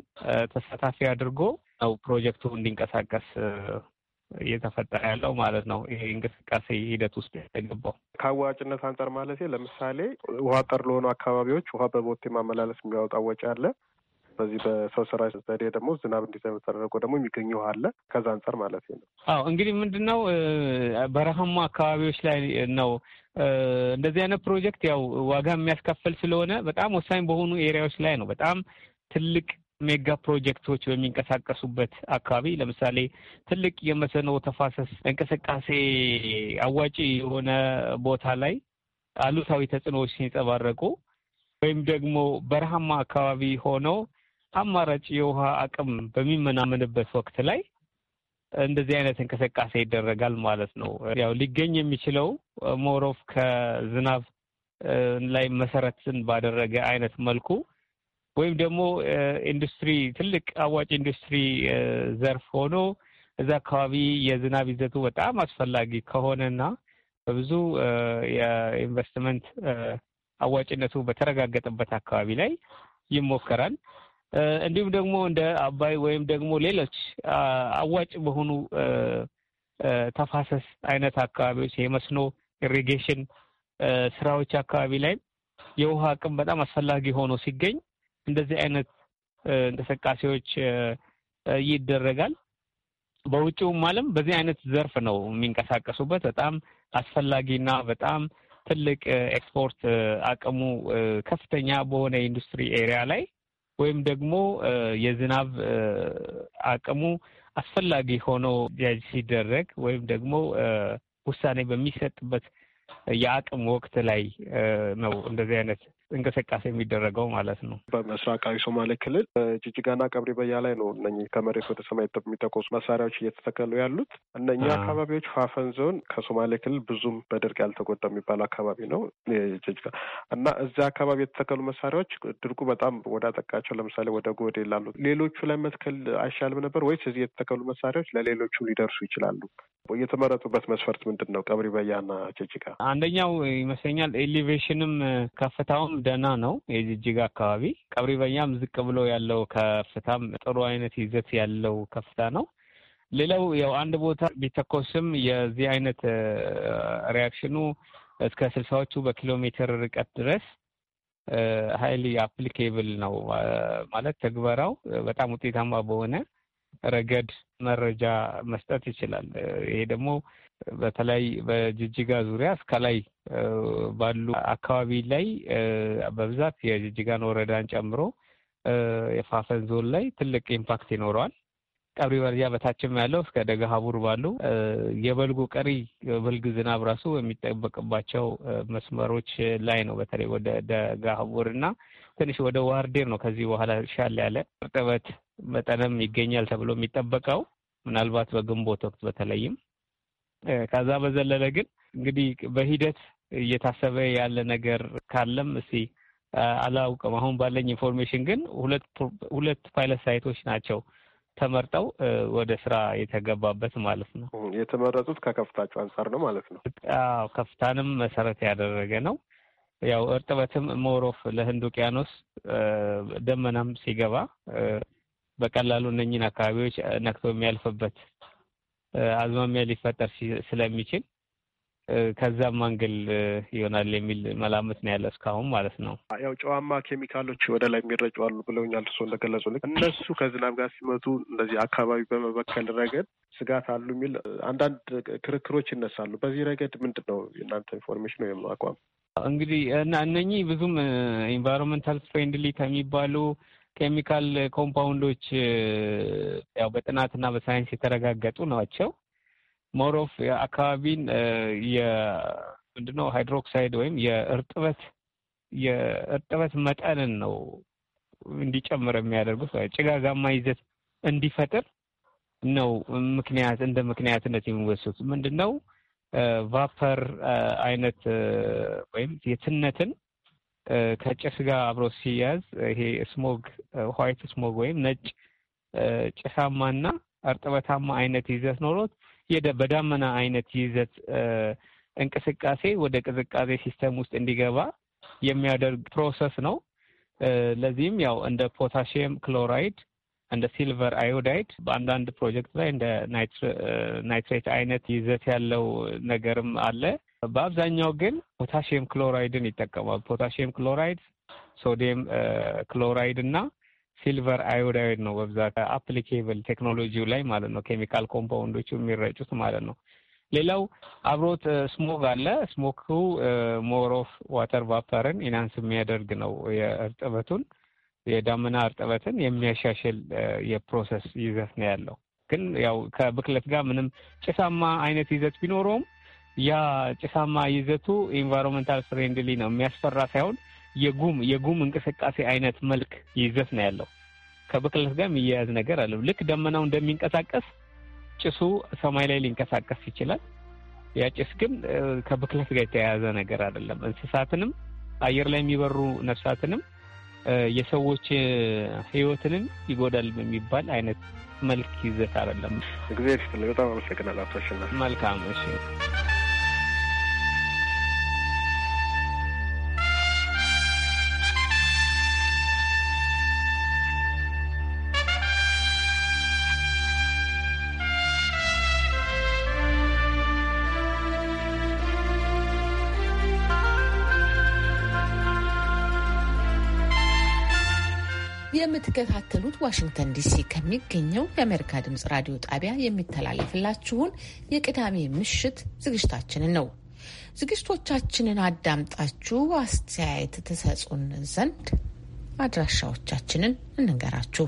ተሳታፊ አድርጎ ነው ፕሮጀክቱ እንዲንቀሳቀስ እየተፈጠረ ያለው ማለት ነው። ይሄ እንቅስቃሴ ሂደት ውስጥ የተገባው ከአዋጭነት አንጻር ማለት ለምሳሌ ውሃ ጠር ለሆኑ አካባቢዎች ውሃ በቦቴ ማመላለስ የሚያወጣ ወጪ አለ። በዚህ በሰው ሰራሽ ዘዴ ደግሞ ዝናብ እንዲዘንብ ደግሞ የሚገኝ ውሃ አለ። ከዛ አንጻር ማለት ነው። አዎ እንግዲህ ምንድን ነው በረሃማ አካባቢዎች ላይ ነው እንደዚህ አይነት ፕሮጀክት ያው ዋጋ የሚያስከፍል ስለሆነ በጣም ወሳኝ በሆኑ ኤሪያዎች ላይ ነው በጣም ትልቅ ሜጋ ፕሮጀክቶች በሚንቀሳቀሱበት አካባቢ ለምሳሌ ትልቅ የመሰኖ ተፋሰስ እንቅስቃሴ አዋጪ የሆነ ቦታ ላይ አሉታዊ ተጽዕኖዎች ሲንጸባረቁ ወይም ደግሞ በረሃማ አካባቢ ሆነው አማራጭ የውሃ አቅም በሚመናመንበት ወቅት ላይ እንደዚህ አይነት እንቅስቃሴ ይደረጋል ማለት ነው። ያው ሊገኝ የሚችለው ሞሮፍ ከዝናብ ላይ መሰረትን ባደረገ አይነት መልኩ ወይም ደግሞ ኢንዱስትሪ ትልቅ አዋጭ ኢንዱስትሪ ዘርፍ ሆኖ እዛ አካባቢ የዝናብ ይዘቱ በጣም አስፈላጊ ከሆነና በብዙ የኢንቨስትመንት አዋጭነቱ በተረጋገጠበት አካባቢ ላይ ይሞከራል። እንዲሁም ደግሞ እንደ አባይ ወይም ደግሞ ሌሎች አዋጭ በሆኑ ተፋሰስ አይነት አካባቢዎች የመስኖ ኢሪጌሽን ስራዎች አካባቢ ላይ የውሃ አቅም በጣም አስፈላጊ ሆኖ ሲገኝ እንደዚህ አይነት እንቅስቃሴዎች ይደረጋል። በውጭውም ዓለም በዚህ አይነት ዘርፍ ነው የሚንቀሳቀሱበት። በጣም አስፈላጊና በጣም ትልቅ ኤክስፖርት አቅሙ ከፍተኛ በሆነ ኢንዱስትሪ ኤሪያ ላይ ወይም ደግሞ የዝናብ አቅሙ አስፈላጊ ሆኖ ጃጅ ሲደረግ ወይም ደግሞ ውሳኔ በሚሰጥበት የአቅም ወቅት ላይ ነው እንደዚህ አይነት እንቅስቃሴ የሚደረገው ማለት ነው። በምስራቃዊ ሶማሌ ክልል ጅጅጋና ቀብሪ በያ ላይ ነው እነ ከመሬት ወደ ሰማይ የሚተኮሱ መሳሪያዎች እየተተከሉ ያሉት። እነኛ አካባቢዎች ፋፈን ዞን ከሶማሌ ክልል ብዙም በድርቅ ያልተጎዳ የሚባል አካባቢ ነው ጅጅጋ እና እዚያ አካባቢ የተተከሉ መሳሪያዎች ድርቁ በጣም ወደ አጠቃቸው፣ ለምሳሌ ወደ ጎዴ ላሉት ሌሎቹ ላይ መትከል አይሻልም ነበር ወይስ እዚህ የተተከሉ መሳሪያዎች ለሌሎቹ ሊደርሱ ይችላሉ? የተመረጡበት መስፈርት ምንድን ነው? ቀብሪ በያና ጅጅጋ አንደኛው ይመስለኛል ኤሊቬሽንም ከፍታውም ደህና ነው። የጅጅጋ አካባቢ ቀብሪ በያም ዝቅ ብሎ ያለው ከፍታም ጥሩ አይነት ይዘት ያለው ከፍታ ነው። ሌላው ያው አንድ ቦታ ቢተኮስም የዚህ አይነት ሪያክሽኑ እስከ ስልሳዎቹ በኪሎ ሜትር ርቀት ድረስ ሀይሊ አፕሊኬብል ነው ማለት ተግበራው በጣም ውጤታማ በሆነ ረገድ መረጃ መስጠት ይችላል። ይሄ ደግሞ በተለይ በጅጅጋ ዙሪያ እስከላይ ባሉ አካባቢ ላይ በብዛት የጅጅጋን ወረዳን ጨምሮ የፋፈን ዞን ላይ ትልቅ ኢምፓክት ይኖረዋል። ቀብሪ ወረዳ በታችም ያለው እስከ ደገ ሀቡር ባሉ የበልጉ ቀሪ በልግ ዝናብ ራሱ የሚጠበቅባቸው መስመሮች ላይ ነው። በተለይ ወደ ደገ ሀቡር እና ትንሽ ወደ ዋርዴር ነው። ከዚህ በኋላ ሻል ያለ እርጥበት መጠንም ይገኛል ተብሎ የሚጠበቀው ምናልባት በግንቦት ወቅት በተለይም ከዛ በዘለለ ግን እንግዲህ በሂደት እየታሰበ ያለ ነገር ካለም እስቲ አላውቅም። አሁን ባለኝ ኢንፎርሜሽን ግን ሁለት ፓይለት ሳይቶች ናቸው ተመርጠው ወደ ስራ የተገባበት ማለት ነው። የተመረጡት ከከፍታቸው አንጻር ነው ማለት ነው። አዎ ከፍታንም መሰረት ያደረገ ነው። ያው እርጥበትም ሞሮፍ ለህንድ ውቅያኖስ ደመናም ሲገባ በቀላሉ እነኝን አካባቢዎች ነክቶ የሚያልፍበት አዝማሚያ ሊፈጠር ስለሚችል ከዛም ማንገል ይሆናል የሚል መላምት ነው ያለ እስካሁን ማለት ነው። ያው ጨዋማ ኬሚካሎች ወደ ላይ የሚረጩ አሉ ብለውኛል። እሱ እንደገለጹ እነሱ ከዝናብ ጋር ሲመጡ እንደዚህ አካባቢ በመበከል ረገድ ስጋት አሉ የሚል አንዳንድ ክርክሮች ይነሳሉ። በዚህ ረገድ ምንድን ነው የእናንተ ኢንፎርሜሽን ወይም አቋም? እንግዲህ እና እነኚህ ብዙም ኤንቫይሮንመንታል ፍሬንድሊ ከሚባሉ ኬሚካል ኮምፓውንዶች ያው በጥናትና በሳይንስ የተረጋገጡ ናቸው። ሞሮፍ የአካባቢን የምንድነው ሃይድሮክሳይድ ወይም የእርጥበት የእርጥበት መጠንን ነው እንዲጨምር የሚያደርጉት ጭጋጋማ ይዘት እንዲፈጥር ነው ምክንያት እንደ ምክንያትነት የሚወሰዱት ነው ቫፐር አይነት ወይም የትነትን ከጭስ ጋር አብሮ ሲያዝ ይሄ ስሞግ ዋይት ስሞግ ወይም ነጭ ጭሳማና እርጥበታማ አይነት ይዘት ኖሮት በዳመና አይነት ይዘት እንቅስቃሴ ወደ ቅዝቃዜ ሲስተም ውስጥ እንዲገባ የሚያደርግ ፕሮሰስ ነው። ለዚህም ያው እንደ ፖታሽየም ክሎራይድ እንደ ሲልቨር አዮዳይድ በአንዳንድ ፕሮጀክት ላይ እንደ ናይትሬት አይነት ይዘት ያለው ነገርም አለ። በአብዛኛው ግን ፖታሽየም ክሎራይድን ይጠቀማል። ፖታሽየም ክሎራይድ፣ ሶዲየም ክሎራይድ እና ሲልቨር አዮዳይድ ነው በብዛት አፕሊኬብል ቴክኖሎጂው ላይ ማለት ነው። ኬሚካል ኮምፓውንዶቹ የሚረጩት ማለት ነው። ሌላው አብሮት ስሞክ አለ። ስሞክ ሞር ኦፍ ዋተር ቫፐርን ኢናንስ የሚያደርግ ነው። የእርጥበቱን የዳመና እርጥበትን የሚያሻሽል የፕሮሰስ ይዘት ነው ያለው። ግን ያው ከብክለት ጋር ምንም ጭሳማ አይነት ይዘት ቢኖረውም ያ ጭሳማ ይዘቱ ኢንቫይሮንመንታል ፍሬንድሊ ነው። የሚያስፈራ ሳይሆን የጉም የጉም እንቅስቃሴ አይነት መልክ ይዘት ነው ያለው። ከብክለት ጋር የሚያያዝ ነገር አለው። ልክ ደመናው እንደሚንቀሳቀስ ጭሱ ሰማይ ላይ ሊንቀሳቀስ ይችላል። ያ ጭስ ግን ከብክለት ጋር የተያያዘ ነገር አይደለም። እንስሳትንም አየር ላይ የሚበሩ ነፍሳትንም የሰዎች ህይወትንም ይጎዳል በሚባል አይነት መልክ ይዘት አይደለም። እግዚአብሔር ይስጥልኝ። በጣም አመሰግናለሁ አቶ አሸናፊ። መልካም እሺ። የምትከታተሉት ዋሽንግተን ዲሲ ከሚገኘው የአሜሪካ ድምጽ ራዲዮ ጣቢያ የሚተላለፍላችሁን የቅዳሜ ምሽት ዝግጅታችንን ነው። ዝግጅቶቻችንን አዳምጣችሁ አስተያየት ትሰጡን ዘንድ አድራሻዎቻችንን እንንገራችሁ።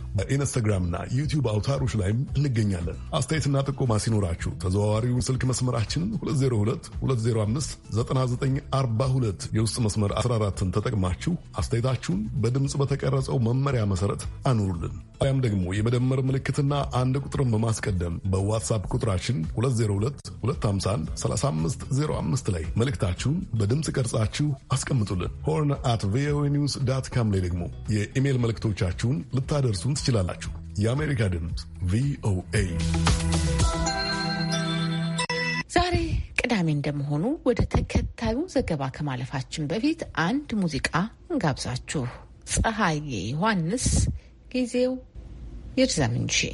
እና ዩቲዩብ አውታሮች ላይም እንገኛለን። አስተያየትና ጥቆማ ሲኖራችሁ ተዘዋዋሪው ስልክ መስመራችን 2022059942 የውስጥ መስመር 14ን ተጠቅማችሁ አስተያየታችሁን በድምፅ በተቀረጸው መመሪያ መሰረት አኑሩልን። ያም ደግሞ የመደመር ምልክትና አንድ ቁጥርን በማስቀደም በዋትሳፕ ቁጥራችን 2022513505 ላይ መልእክታችሁን በድምፅ ቀርጻችሁ አስቀምጡልን። ሆርን አት ቪኦኤ ኒውስ ዳት ካም ላይ ደግሞ የኢሜይል መልእክቶቻችሁን ልታደርሱን ትችላላችሁ። የአሜሪካ ድምፅ ቪኦኤ ዛሬ ቅዳሜ እንደመሆኑ ወደ ተከታዩ ዘገባ ከማለፋችን በፊት አንድ ሙዚቃ እንጋብዛችሁ። ፀሐዬ ዮሐንስ ጊዜው 又去咱们去。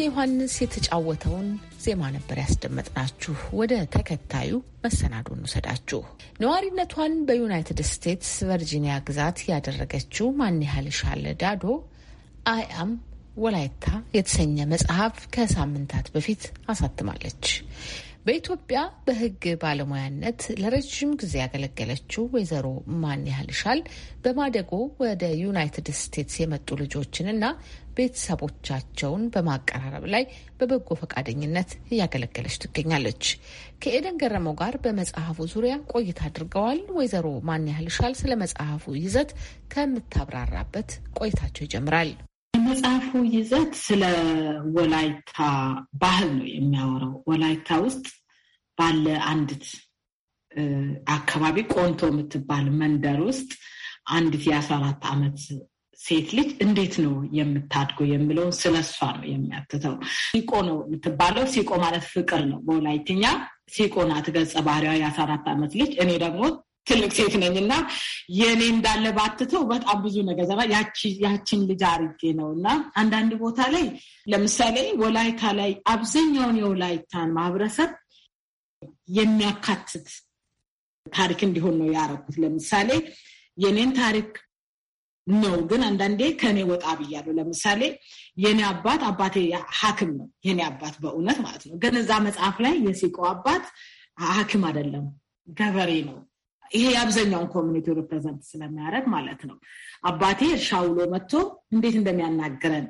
እቴጌ ዮሐንስ የተጫወተውን ዜማ ነበር ያስደመጥናችሁ። ወደ ተከታዩ መሰናዶ እንውሰዳችሁ። ነዋሪነቷን በዩናይትድ ስቴትስ ቨርጂኒያ ግዛት ያደረገችው ማን ያህል ሻለ ዳዶ አያም ወላይታ የተሰኘ መጽሐፍ ከሳምንታት በፊት አሳትማለች። በኢትዮጵያ በሕግ ባለሙያነት ለረዥም ጊዜ ያገለገለችው ወይዘሮ ማን ያህል ሻል በማደጎ ወደ ዩናይትድ ስቴትስ የመጡ ልጆችንና ቤተሰቦቻቸውን በማቀራረብ ላይ በበጎ ፈቃደኝነት እያገለገለች ትገኛለች። ከኤደን ገረመው ጋር በመጽሐፉ ዙሪያ ቆይታ አድርገዋል። ወይዘሮ ማን ያህል ሻል ስለ መጽሐፉ ይዘት ከምታብራራበት ቆይታቸው ይጀምራል። የመጽሐፉ ይዘት ስለ ወላይታ ባህል ነው የሚያወራው። ወላይታ ውስጥ ባለ አንዲት አካባቢ ቆንቶ የምትባል መንደር ውስጥ አንዲት የአስራ አራት ዓመት ሴት ልጅ እንዴት ነው የምታድገው የሚለውን ስለ እሷ ነው የሚያትተው። ሲቆ ነው የምትባለው። ሲቆ ማለት ፍቅር ነው በወላይትኛ። ሲቆ ናት ገጸ ባህሪዋ የአስራ አራት ዓመት ልጅ። እኔ ደግሞ ትልቅ ሴት ነኝ እና የእኔ እንዳለ ባትተው በጣም ብዙ ነገር ያችን ልጅ አርጌ ነው እና አንዳንድ ቦታ ላይ ለምሳሌ ወላይታ ላይ አብዛኛውን የወላይታን ማህበረሰብ የሚያካትት ታሪክ እንዲሆን ነው ያረኩት። ለምሳሌ የኔን ታሪክ ነው፣ ግን አንዳንዴ ከኔ ወጣ ብያለሁ። ለምሳሌ የኔ አባት አባቴ ሐኪም ነው። የኔ አባት በእውነት ማለት ነው። ግን እዛ መጽሐፍ ላይ የሲቆ አባት ሐኪም አይደለም፣ ገበሬ ነው። ይሄ የአብዛኛውን ኮሚኒቲ ሪፕሬዘንት ስለሚያደርግ ማለት ነው። አባቴ እርሻ ውሎ መጥቶ እንዴት እንደሚያናግረን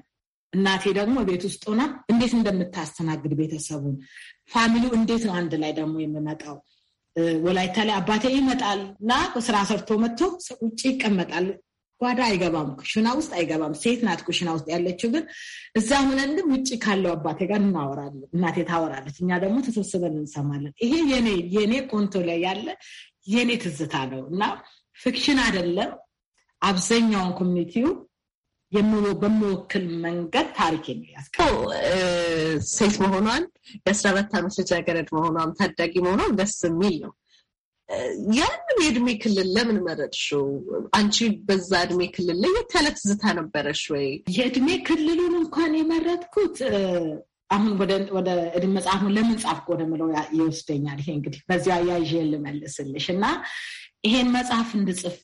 እናቴ ደግሞ ቤት ውስጥ ሆና እንዴት እንደምታስተናግድ ቤተሰቡን ፋሚሊው እንዴት ነው አንድ ላይ ደግሞ የሚመጣው ወላይታ ላይ አባቴ ይመጣል እና ስራ ሰርቶ መጥቶ ውጭ ይቀመጣል። ጓዳ አይገባም፣ ኩሽና ውስጥ አይገባም። ሴት ናት ኩሽና ውስጥ ያለችው። ግን እዛ ሆነን ውጭ ካለው አባቴ ጋር እናወራለን፣ እናቴ ታወራለች፣ እኛ ደግሞ ተሰብስበን እንሰማለን። ይሄ የኔ የኔ ቆንቶ ላይ ያለ የኔ ትዝታ ነው እና ፊክሽን አይደለም። አብዛኛውን ኮሚኒቲው በምወክል መንገድ ታሪክ የሚያስቀው ሴት መሆኗን የአስራ አራት ዓመት ልጃገረድ መሆኗም ታዳጊ መሆኗም ደስ የሚል ነው። ያንን የእድሜ ክልል ለምን መረጥሽው? አንቺ በዛ እድሜ ክልል ላይ የተለት ዝታ ነበረሽ ወይ? የእድሜ ክልሉን እንኳን የመረጥኩት አሁን ወደ እድሜ መጽሐፉን ለምን ጻፍክ ወደምለው ይወስደኛል። ይሄ እንግዲህ በዚያ ያይዤ ልመልስልሽ እና ይሄን መጽሐፍ እንድጽፍ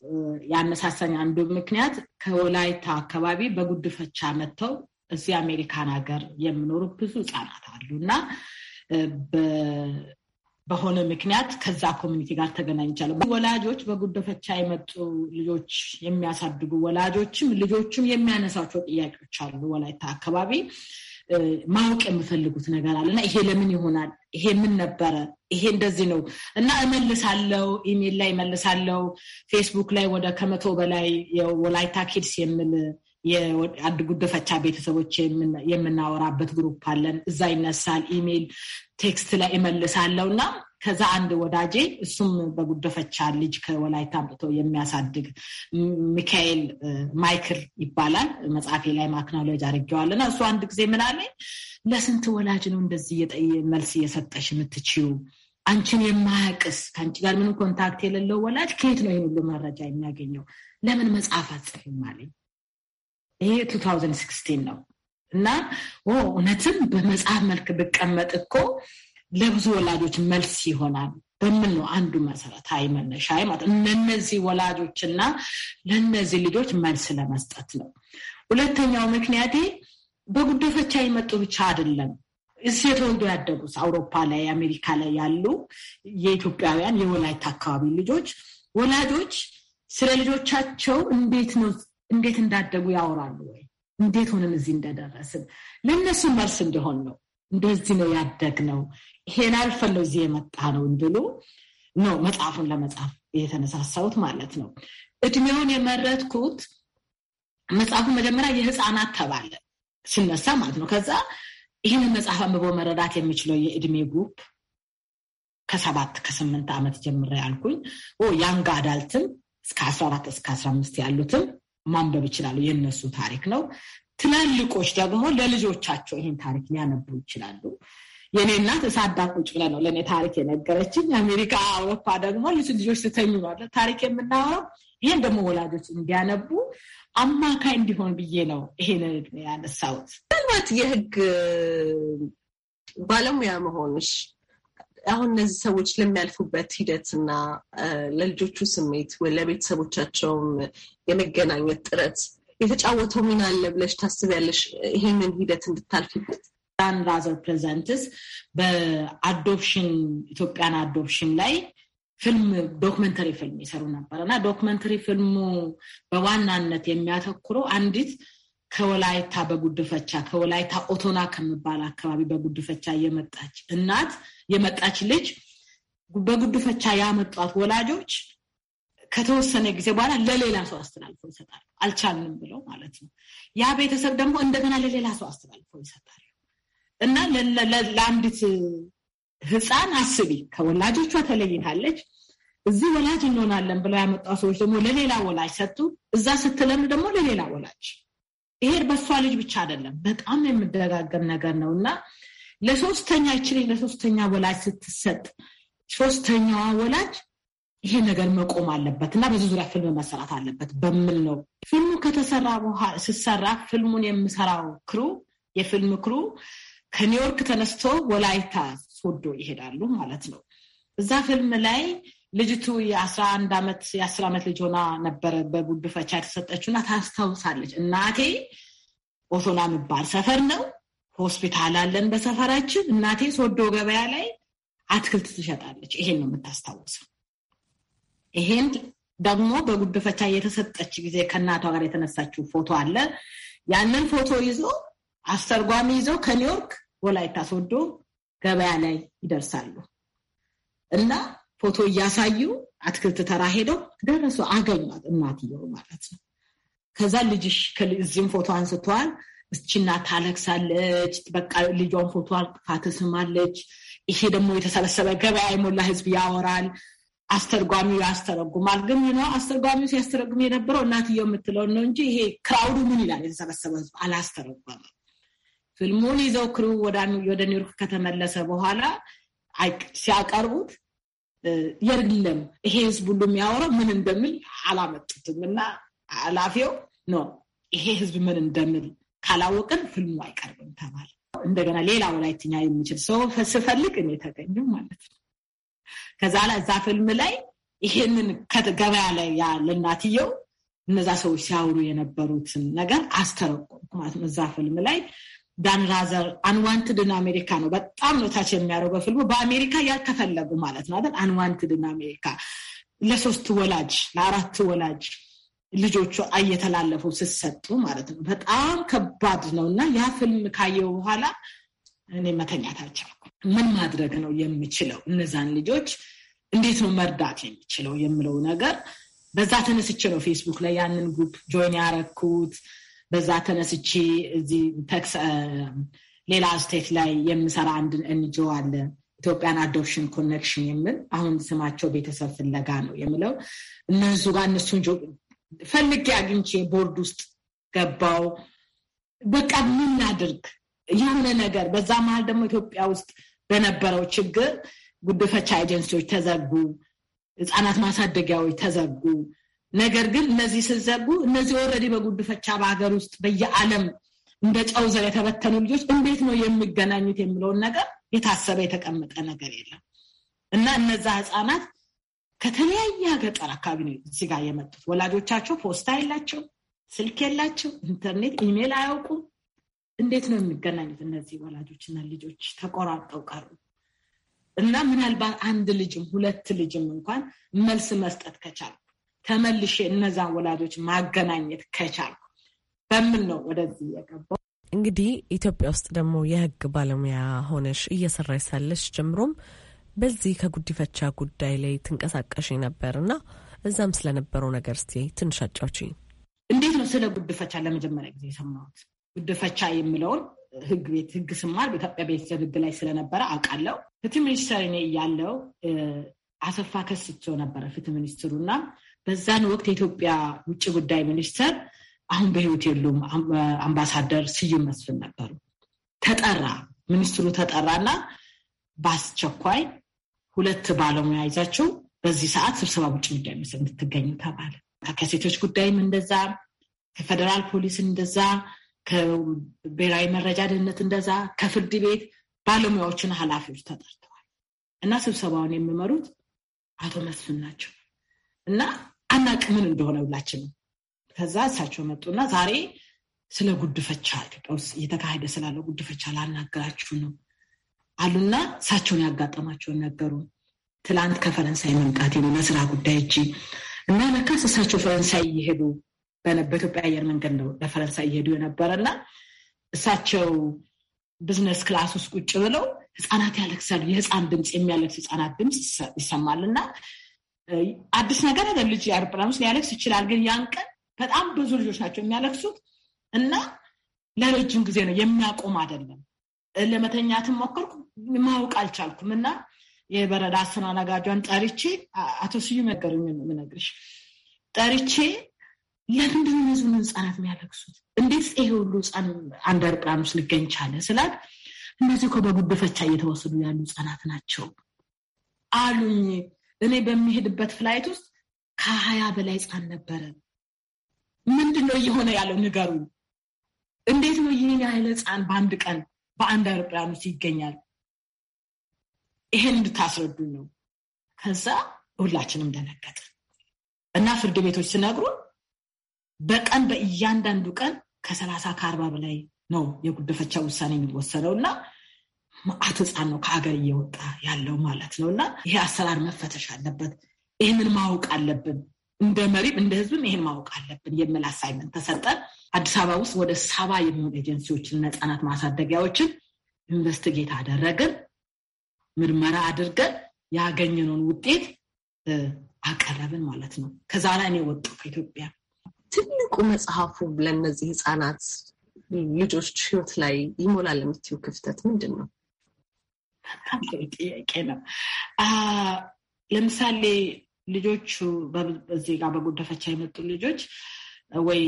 ያነሳሳኝ አንዱ ምክንያት ከወላይታ አካባቢ በጉድፈቻ መጥተው እዚህ አሜሪካን ሀገር የሚኖሩ ብዙ ህጻናት አሉ እና በሆነ ምክንያት ከዛ ኮሚኒቲ ጋር ተገናኝቻለሁ። ወላጆች በጉድፈቻ የመጡ ልጆች የሚያሳድጉ ወላጆችም ልጆቹም የሚያነሳቸው ጥያቄዎች አሉ። ወላይታ አካባቢ ማወቅ የምፈልጉት ነገር አለ እና ይሄ ለምን ይሆናል? ይሄ ምን ነበረ? ይሄ እንደዚህ ነው እና እመልሳለው። ኢሜል ላይ እመልሳለው። ፌስቡክ ላይ ወደ ከመቶ በላይ የወላይታ ኪድስ የሚል የአድ ጉደፈቻ ቤተሰቦች የምናወራበት ግሩፕ አለን። እዛ ይነሳል። ኢሜይል ቴክስት ላይ እመልሳለሁ እና ከዛ አንድ ወዳጄ እሱም በጉደፈቻ ልጅ ከወላይታ አምጥቶ የሚያሳድግ ሚካኤል ማይክል ይባላል። መጽሐፌ ላይ ማክናሎጅ አድርጌዋለሁ እና እሱ አንድ ጊዜ ምናለኝ ለስንት ወላጅ ነው እንደዚህ መልስ እየሰጠሽ የምትችዩ? አንቺን የማያቅስ ከአንቺ ጋር ምንም ኮንታክት የሌለው ወላጅ ከየት ነው ይህን ሁሉ መረጃ የሚያገኘው? ለምን መጽሐፍ አጽፊም አለኝ። ይሄ 2016 ነው እና እውነትም በመጽሐፍ መልክ ብቀመጥ እኮ ለብዙ ወላጆች መልስ ይሆናል በምን ነው አንዱ መሰረታዊ መነሻ ማለት ለነዚህ ወላጆች እና ለነዚህ ልጆች መልስ ለመስጠት ነው። ሁለተኛው ምክንያቴ በጉደፈቻ የመጡ ብቻ አይደለም። እዚህ ተወልደው ያደጉት አውሮፓ ላይ አሜሪካ ላይ ያሉ የኢትዮጵያውያን የወላይታ አካባቢ ልጆች ወላጆች ስለ ልጆቻቸው እንዴት ነው እንዴት እንዳደጉ ያወራሉ ወይ? እንዴት ሆነን እዚህ እንደደረስን ለእነሱ መልስ እንደሆን ነው። እንደዚህ ነው ያደግነው፣ ይሄን አልፈለው እዚህ የመጣ ነው እንድሉ ነው መጽሐፉን ለመጻፍ የተነሳሳሁት ማለት ነው። እድሜውን የመረጥኩት መጽሐፉ መጀመሪያ የህፃናት ተባለ ሲነሳ ማለት ነው። ከዛ ይህንን መጽሐፍ አንብቦ መረዳት የሚችለው የእድሜ ግሩፕ ከሰባት ከስምንት ዓመት ጀምሬ ያልኩኝ ያንግ አዳልትም እስከ አስራ አራት እስከ አስራ አምስት ያሉትም ማንበብ ይችላሉ። የእነሱ ታሪክ ነው። ትላልቆች ደግሞ ለልጆቻቸው ይህን ታሪክ ሊያነቡ ይችላሉ። የኔ እናት እሳዳ ቁጭ ብለ ነው ለእኔ ታሪክ የነገረችኝ። አሜሪካ፣ አውሮፓ ደግሞ ልጅ ልጆች ስተኙ ነው ታሪክ የምናወራው። ይህን ደግሞ ወላጆች እንዲያነቡ አማካይ እንዲሆን ብዬ ነው ይሄንን ያነሳሁት። ምናልባት የህግ ባለሙያ መሆንሽ አሁን እነዚህ ሰዎች ለሚያልፉበት ሂደት እና ለልጆቹ ስሜት ለቤተሰቦቻቸውም የመገናኘት ጥረት የተጫወተው ሚና አለ ብለሽ ታስቢያለሽ? ይህንን ሂደት እንድታልፊበት ዳን ራዘር ፕሬዘንትስ በአዶፕሽን ኢትዮጵያን አዶፕሽን ላይ ፊልም ዶክመንተሪ ፊልም ይሰሩ ነበር እና ዶክመንተሪ ፊልሙ በዋናነት የሚያተኩረው አንዲት ከወላይታ በጉድፈቻ ከወላይታ ኦቶና ከሚባል አካባቢ በጉድፈቻ የመጣች እናት የመጣች ልጅ በጉድፈቻ ያመጧት ወላጆች ከተወሰነ ጊዜ በኋላ ለሌላ ሰው አስተላልፈው ይሰጣሉ። አልቻልንም ብለው ማለት ነው። ያ ቤተሰብ ደግሞ እንደገና ለሌላ ሰው አስተላልፈው ይሰጣሉ እና ለአንዲት ሕፃን አስቢ፣ ከወላጆቿ ተለይታለች። እዚህ ወላጅ እንሆናለን ብለው ያመጣው ሰዎች ደግሞ ለሌላ ወላጅ ሰጡ። እዛ ስትለምድ ደግሞ ለሌላ ወላጅ ይሄ በእሷ ልጅ ብቻ አይደለም፣ በጣም የምደጋገም ነገር ነው እና ለሶስተኛ ይችል ለሶስተኛ ወላጅ ስትሰጥ ሶስተኛዋ ወላጅ ይሄ ነገር መቆም አለበት እና በዚህ ዙሪያ ፊልም መሰራት አለበት በሚል ነው ፊልሙ ከተሰራ በኋላ ስሰራ ፊልሙን የምሰራው ክሩ የፊልም ክሩ ከኒውዮርክ ተነስቶ ወላይታ ሶዶ ይሄዳሉ ማለት ነው። እዛ ፊልም ላይ ልጅቱ የአስራ አንድ ዓመት የአስር ዓመት ልጅ ሆና ነበረ በጉድፈቻ የተሰጠችው እና ታስታውሳለች። እናቴ ኦቶና የሚባል ሰፈር ነው ሆስፒታል አለን በሰፈራችን። እናቴ ሶዶ ገበያ ላይ አትክልት ትሸጣለች። ይሄን ነው የምታስታውሰው። ይሄን ደግሞ በጉድፈቻ የተሰጠች ጊዜ ከእናቷ ጋር የተነሳችው ፎቶ አለ። ያንን ፎቶ ይዞ አስተርጓሚ ይዞ ከኒውዮርክ ወላይታ ሶዶ ገበያ ላይ ይደርሳሉ እና ፎቶ እያሳዩ አትክልት ተራ ሄደው ደረሱ፣ አገኟት፣ እናትየው ማለት ነው። ከዛ ልጅሽ እዚህም ፎቶ አንስተዋል፣ እስችና ታለቅሳለች፣ በቃ ልጇን ፎቶ አቅፋ ትስማለች። ይሄ ደግሞ የተሰበሰበ ገበያ የሞላ ህዝብ ያወራል፣ አስተርጓሚው ያስተረጉማል። ግን ነ አስተርጓሚው ሲያስተረጉም የነበረው እናትየው የምትለው ነው እንጂ ይሄ ክራውዱ ምን ይላል የተሰበሰበ ህዝብ አላስተረጓም። ፊልሙን ይዘው ክሩ ወደ ኒውዮርክ ከተመለሰ በኋላ ሲያቀርቡት የለም ይሄ ህዝብ ሁሉ የሚያወራው ምን እንደምል አላመጡትም እና ኃላፊው ነው ይሄ ህዝብ ምን እንደምል ካላወቅን ፊልሙ አይቀርብም ተባለ። እንደገና ሌላ ወላይትኛ የሚችል ሰው ስፈልግ እኔ ተገኘሁ ማለት ነው። ከዛ ላይ እዛ ፊልም ላይ ይሄንን ከገበያ ላይ ያለ እናትየው እነዛ ሰዎች ሲያወሩ የነበሩትን ነገር አስተረቆምኩ ማለት ነው። እዛ ፊልም ላይ ዳን ራዘር አንዋንትድን አሜሪካ ነው። በጣም ነው ታች የሚያደርገው በፊልሙ በአሜሪካ ያልተፈለጉ ማለት ነው አይደል? አንዋንትድን አሜሪካ ለሶስት ወላጅ ለአራት ወላጅ ልጆቹ እየተላለፉ ስትሰጡ ማለት ነው። በጣም ከባድ ነው እና ያ ፊልም ካየው በኋላ እኔ መተኛት አልቻልኩም። ምን ማድረግ ነው የምችለው? እነዛን ልጆች እንዴት ነው መርዳት የሚችለው የምለው ነገር በዛ ተነስቼ ነው ፌስቡክ ላይ ያንን ግሩፕ ጆይን ያረኩት። በዛ ተነስቼ እዚህ ተክስ ሌላ ስቴት ላይ የምሰራ አንድ እንጆ አለ ኢትዮጵያን አዶፕሽን ኮኔክሽን የምል አሁን ስማቸው ቤተሰብ ፍለጋ ነው የምለው። እነሱ ጋር እነሱ ፈልጌ አግኝቼ ቦርድ ውስጥ ገባው። በቃ ምናድርግ የሆነ ነገር። በዛ መሀል ደግሞ ኢትዮጵያ ውስጥ በነበረው ችግር ጉድፈቻ ኤጀንሲዎች ተዘጉ፣ ህፃናት ማሳደጊያዎች ተዘጉ። ነገር ግን እነዚህ ስዘጉ እነዚህ ኦልሬዲ በጉድፈቻ በሀገር ውስጥ በየዓለም እንደ ጨው ዘር የተበተኑ ልጆች እንዴት ነው የሚገናኙት የሚለውን ነገር የታሰበ የተቀመጠ ነገር የለም እና እነዛ ህፃናት ከተለያየ ገጠር አካባቢ ነው እዚህ ጋር የመጡት። ወላጆቻቸው ፖስታ የላቸው፣ ስልክ የላቸው፣ ኢንተርኔት ኢሜል አያውቁም። እንዴት ነው የሚገናኙት? እነዚህ ወላጆችና ልጆች ተቆራርጠው ቀሩ እና ምናልባት አንድ ልጅም ሁለት ልጅም እንኳን መልስ መስጠት ከቻሉ ተመልሼ እነዛን ወላጆች ማገናኘት ከቻልኩ በምን ነው ወደዚህ የገባው። እንግዲህ ኢትዮጵያ ውስጥ ደግሞ የህግ ባለሙያ ሆነሽ እየሰራሽ ሳለሽ ጀምሮም በዚህ ከጉዲፈቻ ጉዳይ ላይ ትንቀሳቀሽ ነበር እና እዛም ስለነበረው ነገር እስኪ ትንሽ አጫውችኝ። እንዴት ነው ስለ ጉድፈቻ ለመጀመሪያ ጊዜ የሰማሁት? ጉድፈቻ የሚለውን ህግ ቤት ህግ ስማር በኢትዮጵያ ቤተሰብ ህግ ላይ ስለነበረ አውቃለሁ። ፍትህ ሚኒስተር እኔ እያለሁ አሰፋ ከስቸው ነበረ ፍትህ እና በዛን ወቅት የኢትዮጵያ ውጭ ጉዳይ ሚኒስተር አሁን በህይወት የሉም አምባሳደር ስዩም መስፍን ነበሩ። ተጠራ ሚኒስትሩ ተጠራና በአስቸኳይ ሁለት ባለሙያ ይዛችሁ በዚህ ሰዓት ስብሰባ ውጭ ጉዳይ ሚኒስትር እንድትገኙ ተባለ። ከሴቶች ጉዳይም እንደዛ፣ ከፌደራል ፖሊስ እንደዛ፣ ከብሔራዊ መረጃ ደህንነት እንደዛ፣ ከፍርድ ቤት ባለሙያዎችና ኃላፊዎች ተጠርተዋል እና ስብሰባውን የሚመሩት አቶ መስፍን ናቸው እና አናቅ ምን እንደሆነ ሁላችንም። ከዛ እሳቸው መጡና ዛሬ ስለ ጉድፈቻ ኢትዮጵያ ውስጥ እየተካሄደ ስላለው ጉድፈቻ ላናገራችሁ ነው አሉና እሳቸውን ያጋጠማቸውን ነገሩ። ትላንት ከፈረንሳይ መምጣት ሄዱ ለስራ ጉዳይ እጅ እና ለካስ እሳቸው ፈረንሳይ እየሄዱ በኢትዮጵያ አየር መንገድ ነው ለፈረንሳይ እየሄዱ የነበረና እሳቸው ቢዝነስ ክላስ ውስጥ ቁጭ ብለው ህፃናት ያለቅሳሉ። የህፃን ድምፅ የሚያለቅስ ህፃናት ድምፅ ይሰማልና አዲስ ነገር አይደል። ልጅ አውሮፕላን ውስጥ ሊያለቅስ ይችላል። ግን ያን ቀን በጣም ብዙ ልጆች ናቸው የሚያለቅሱት እና ለረጅም ጊዜ ነው የሚያቆም አይደለም። ለመተኛትም ሞከርኩ፣ ማወቅ አልቻልኩም። እና የበረራ አስተናጋጇን ጠርቼ አቶ ስዩ ነገሩኝ የምነግርሽ ጠርቼ ለምንድን ነው እነዚህን ህፃናት የሚያለቅሱት? እንዴት ይሄ ሁሉ ህፃን አንድ አውሮፕላን ውስጥ ሊገኝ ቻለ ስላት እነዚህ እኮ በጉድፈቻ እየተወሰዱ ያሉ ህፃናት ናቸው አሉኝ። እኔ በሚሄድበት ፍላይት ውስጥ ከሀያ በላይ ህፃን ነበረ። ምንድን ነው እየሆነ ያለው ንገሩ። እንዴት ነው ይህን ያህል ህፃን በአንድ ቀን በአንድ አውሮፕላን ውስጥ ይገኛል? ይሄን እንድታስረዱ ነው። ከዛ ሁላችንም ደነገጥ እና ፍርድ ቤቶች ሲነግሩን በቀን በእያንዳንዱ ቀን ከሰላሳ ከአርባ በላይ ነው የጉደፈቻ ውሳኔ የሚወሰነው እና መዓት ህፃን ነው ከሀገር እየወጣ ያለው ማለት ነው። እና ይሄ አሰራር መፈተሽ አለበት። ይህንን ማወቅ አለብን። እንደ መሪም እንደ ህዝብም ይህን ማወቅ አለብን የሚል አሳይመንት ተሰጠን። አዲስ አበባ ውስጥ ወደ ሰባ የሚሆኑ ኤጀንሲዎችን ህፃናት ማሳደጊያዎችን ኢንቨስቲጌት አደረግን። ምርመራ አድርገን ያገኘነውን ውጤት አቀረብን ማለት ነው። ከዛ ላይ ነው የወጡ ከኢትዮጵያ ትልቁ መጽሐፉ ለእነዚህ ህፃናት ልጆች ህይወት ላይ ይሞላል የምትዩ ክፍተት ምንድን ነው? ጥያቄ ነው። ለምሳሌ ልጆቹ በዚህ ጋር በጉደፈቻ የመጡ ልጆች ወይ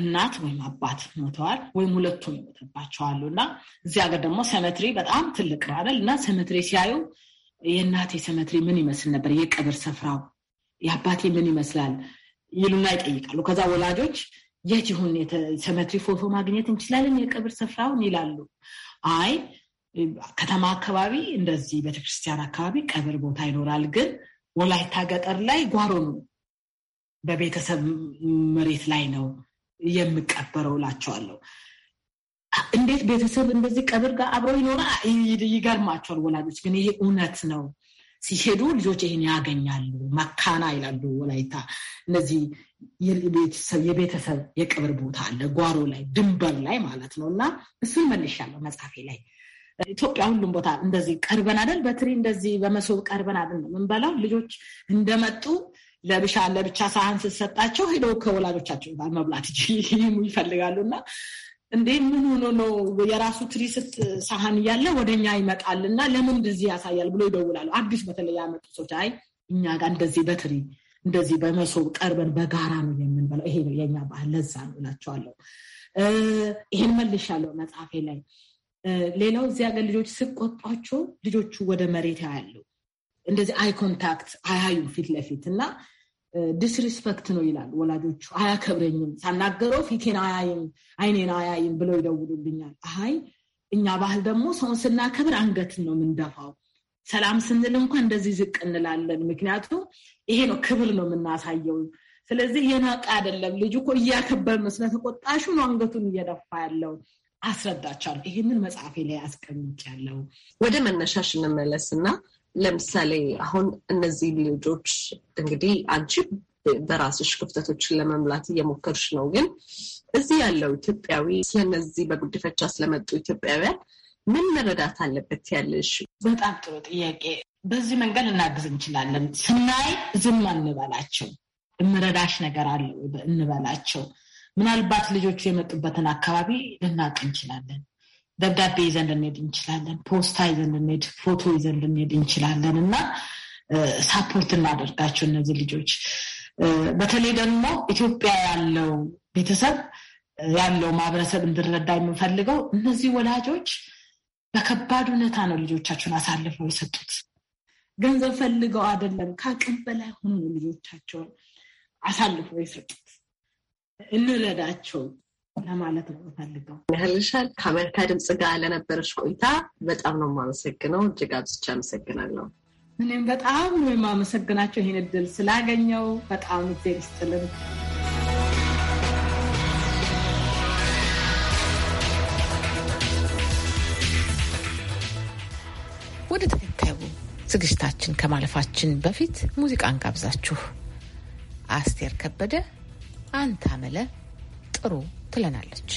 እናት ወይም አባት ሞተዋል ወይም ሁለቱም ይሞተባቸዋሉ እና እዚህ ሀገር ደግሞ ሰመትሪ በጣም ትልቅ ነው አይደል? እና ሰመትሪ ሲያዩ የእናቴ ሰመትሪ ምን ይመስል ነበር፣ የቀብር ስፍራው የአባቴ ምን ይመስላል ይሉና ይጠይቃሉ። ከዛ ወላጆች የት ይሁን ሰመትሪ ፎቶ ማግኘት እንችላለን የቀብር ስፍራውን ይላሉ። አይ ከተማ አካባቢ እንደዚህ ቤተክርስቲያን አካባቢ ቀብር ቦታ ይኖራል። ግን ወላይታ ገጠር ላይ ጓሮ ነው፣ በቤተሰብ መሬት ላይ ነው የምቀበረው እላቸዋለሁ። እንዴት ቤተሰብ እንደዚህ ቀብር ጋር አብረው ይኖራ ይገርማቸዋል ወላጆች። ግን ይሄ እውነት ነው። ሲሄዱ ልጆች ይህን ያገኛሉ። መካና ይላሉ ወላይታ። እነዚህ የቤተሰብ የቅብር ቦታ አለ ጓሮ ላይ ድንበር ላይ ማለት ነው። እና እሱን መልሻለሁ መጽሐፌ ላይ ኢትዮጵያ ሁሉም ቦታ እንደዚህ ቀርበን አይደል፣ በትሪ እንደዚህ በመሶብ ቀርበን አይደል የምንበላው። ልጆች እንደመጡ ለብሻ ለብቻ ሳህን ስትሰጣቸው ሄደው ከወላጆቻቸው ጋር መብላት ይሙ ይፈልጋሉ እና እንዴ ምን ሆኖ ነው የራሱ ትሪ ስት ሳህን እያለ ወደኛ ይመጣል እና ለምን እንደዚህ ያሳያል ብሎ ይደውላሉ። አዲስ በተለይ ያመጡ ሰዎች አይ እኛ ጋር እንደዚህ በትሪ እንደዚህ በመሶብ ቀርበን በጋራ ነው የምንበላው። ይሄ ነው የኛ ባህል፣ ለዛ ነው እላቸዋለሁ። ይሄን መልሻለሁ መጽሐፌ ላይ ሌላው እዚህ ሀገር ልጆች ስቆጧቸው ልጆቹ ወደ መሬት ያያሉ። እንደዚህ አይ ኮንታክት አያዩ ፊት ለፊት እና ዲስሪስፐክት ነው ይላል ወላጆቹ። አያከብረኝም፣ ሳናገረው ፊቴን አያይም፣ አይኔን አያይም ብለው ይደውሉልኛል። አይ እኛ ባህል ደግሞ ሰውን ስናከብር አንገትን ነው የምንደፋው። ሰላም ስንል እንኳን እንደዚህ ዝቅ እንላለን። ምክንያቱም ይሄ ነው ክብር ነው የምናሳየው። ስለዚህ የናቀ አይደለም ልጁ እኮ እያከበር መስለ ተቆጣሹ ነው አንገቱን እየደፋ ያለው። አስረዳቻለሁ። ይህንን መጽሐፌ ላይ ያለው ወደ መነሻሽ እንመለስና ለምሳሌ አሁን እነዚህ ልጆች እንግዲህ አንቺ በራስሽ ክፍተቶችን ለመምላት እየሞከርሽ ነው። ግን እዚህ ያለው ኢትዮጵያዊ ስለነዚህ በጉድፈቻ ስለመጡ ኢትዮጵያውያን ምን መረዳት አለበት ያለሽ? በጣም ጥሩ ጥያቄ። በዚህ መንገድ እናግዝ እንችላለን። ስናይ ዝም አንበላቸው፣ እምረዳሽ ነገር አለ እንበላቸው። ምናልባት ልጆቹ የመጡበትን አካባቢ ልናውቅ እንችላለን። ደብዳቤ ይዘን ልንሄድ እንችላለን። ፖስታ ይዘን ልንሄድ፣ ፎቶ ይዘን ልንሄድ እንችላለን እና ሳፖርት እናደርጋቸው እነዚህ ልጆች በተለይ ደግሞ ኢትዮጵያ ያለው ቤተሰብ ያለው ማህበረሰብ እንድረዳ የምንፈልገው እነዚህ ወላጆች በከባድ ሁኔታ ነው ልጆቻቸውን አሳልፈው የሰጡት። ገንዘብ ፈልገው አይደለም፣ ከአቅም በላይ ሆኖ ልጆቻቸውን አሳልፈው የሰጡት። እንረዳቸው ለማለት ነው ፈልገው ያህልሻል። ከአሜሪካ ድምፅ ጋር ለነበረች ቆይታ በጣም ነው የማመሰግነው። እጅግ አብዝቼ አመሰግናለሁ። እኔም በጣም ነው የማመሰግናቸው ይህን እድል ስላገኘው በጣም እግዜር ይስጥልን። ወደ ተከታዩ ዝግጅታችን ከማለፋችን በፊት ሙዚቃን ጋብዛችሁ አስቴር ከበደ አንተ አመለ ጥሩ ትለናለች።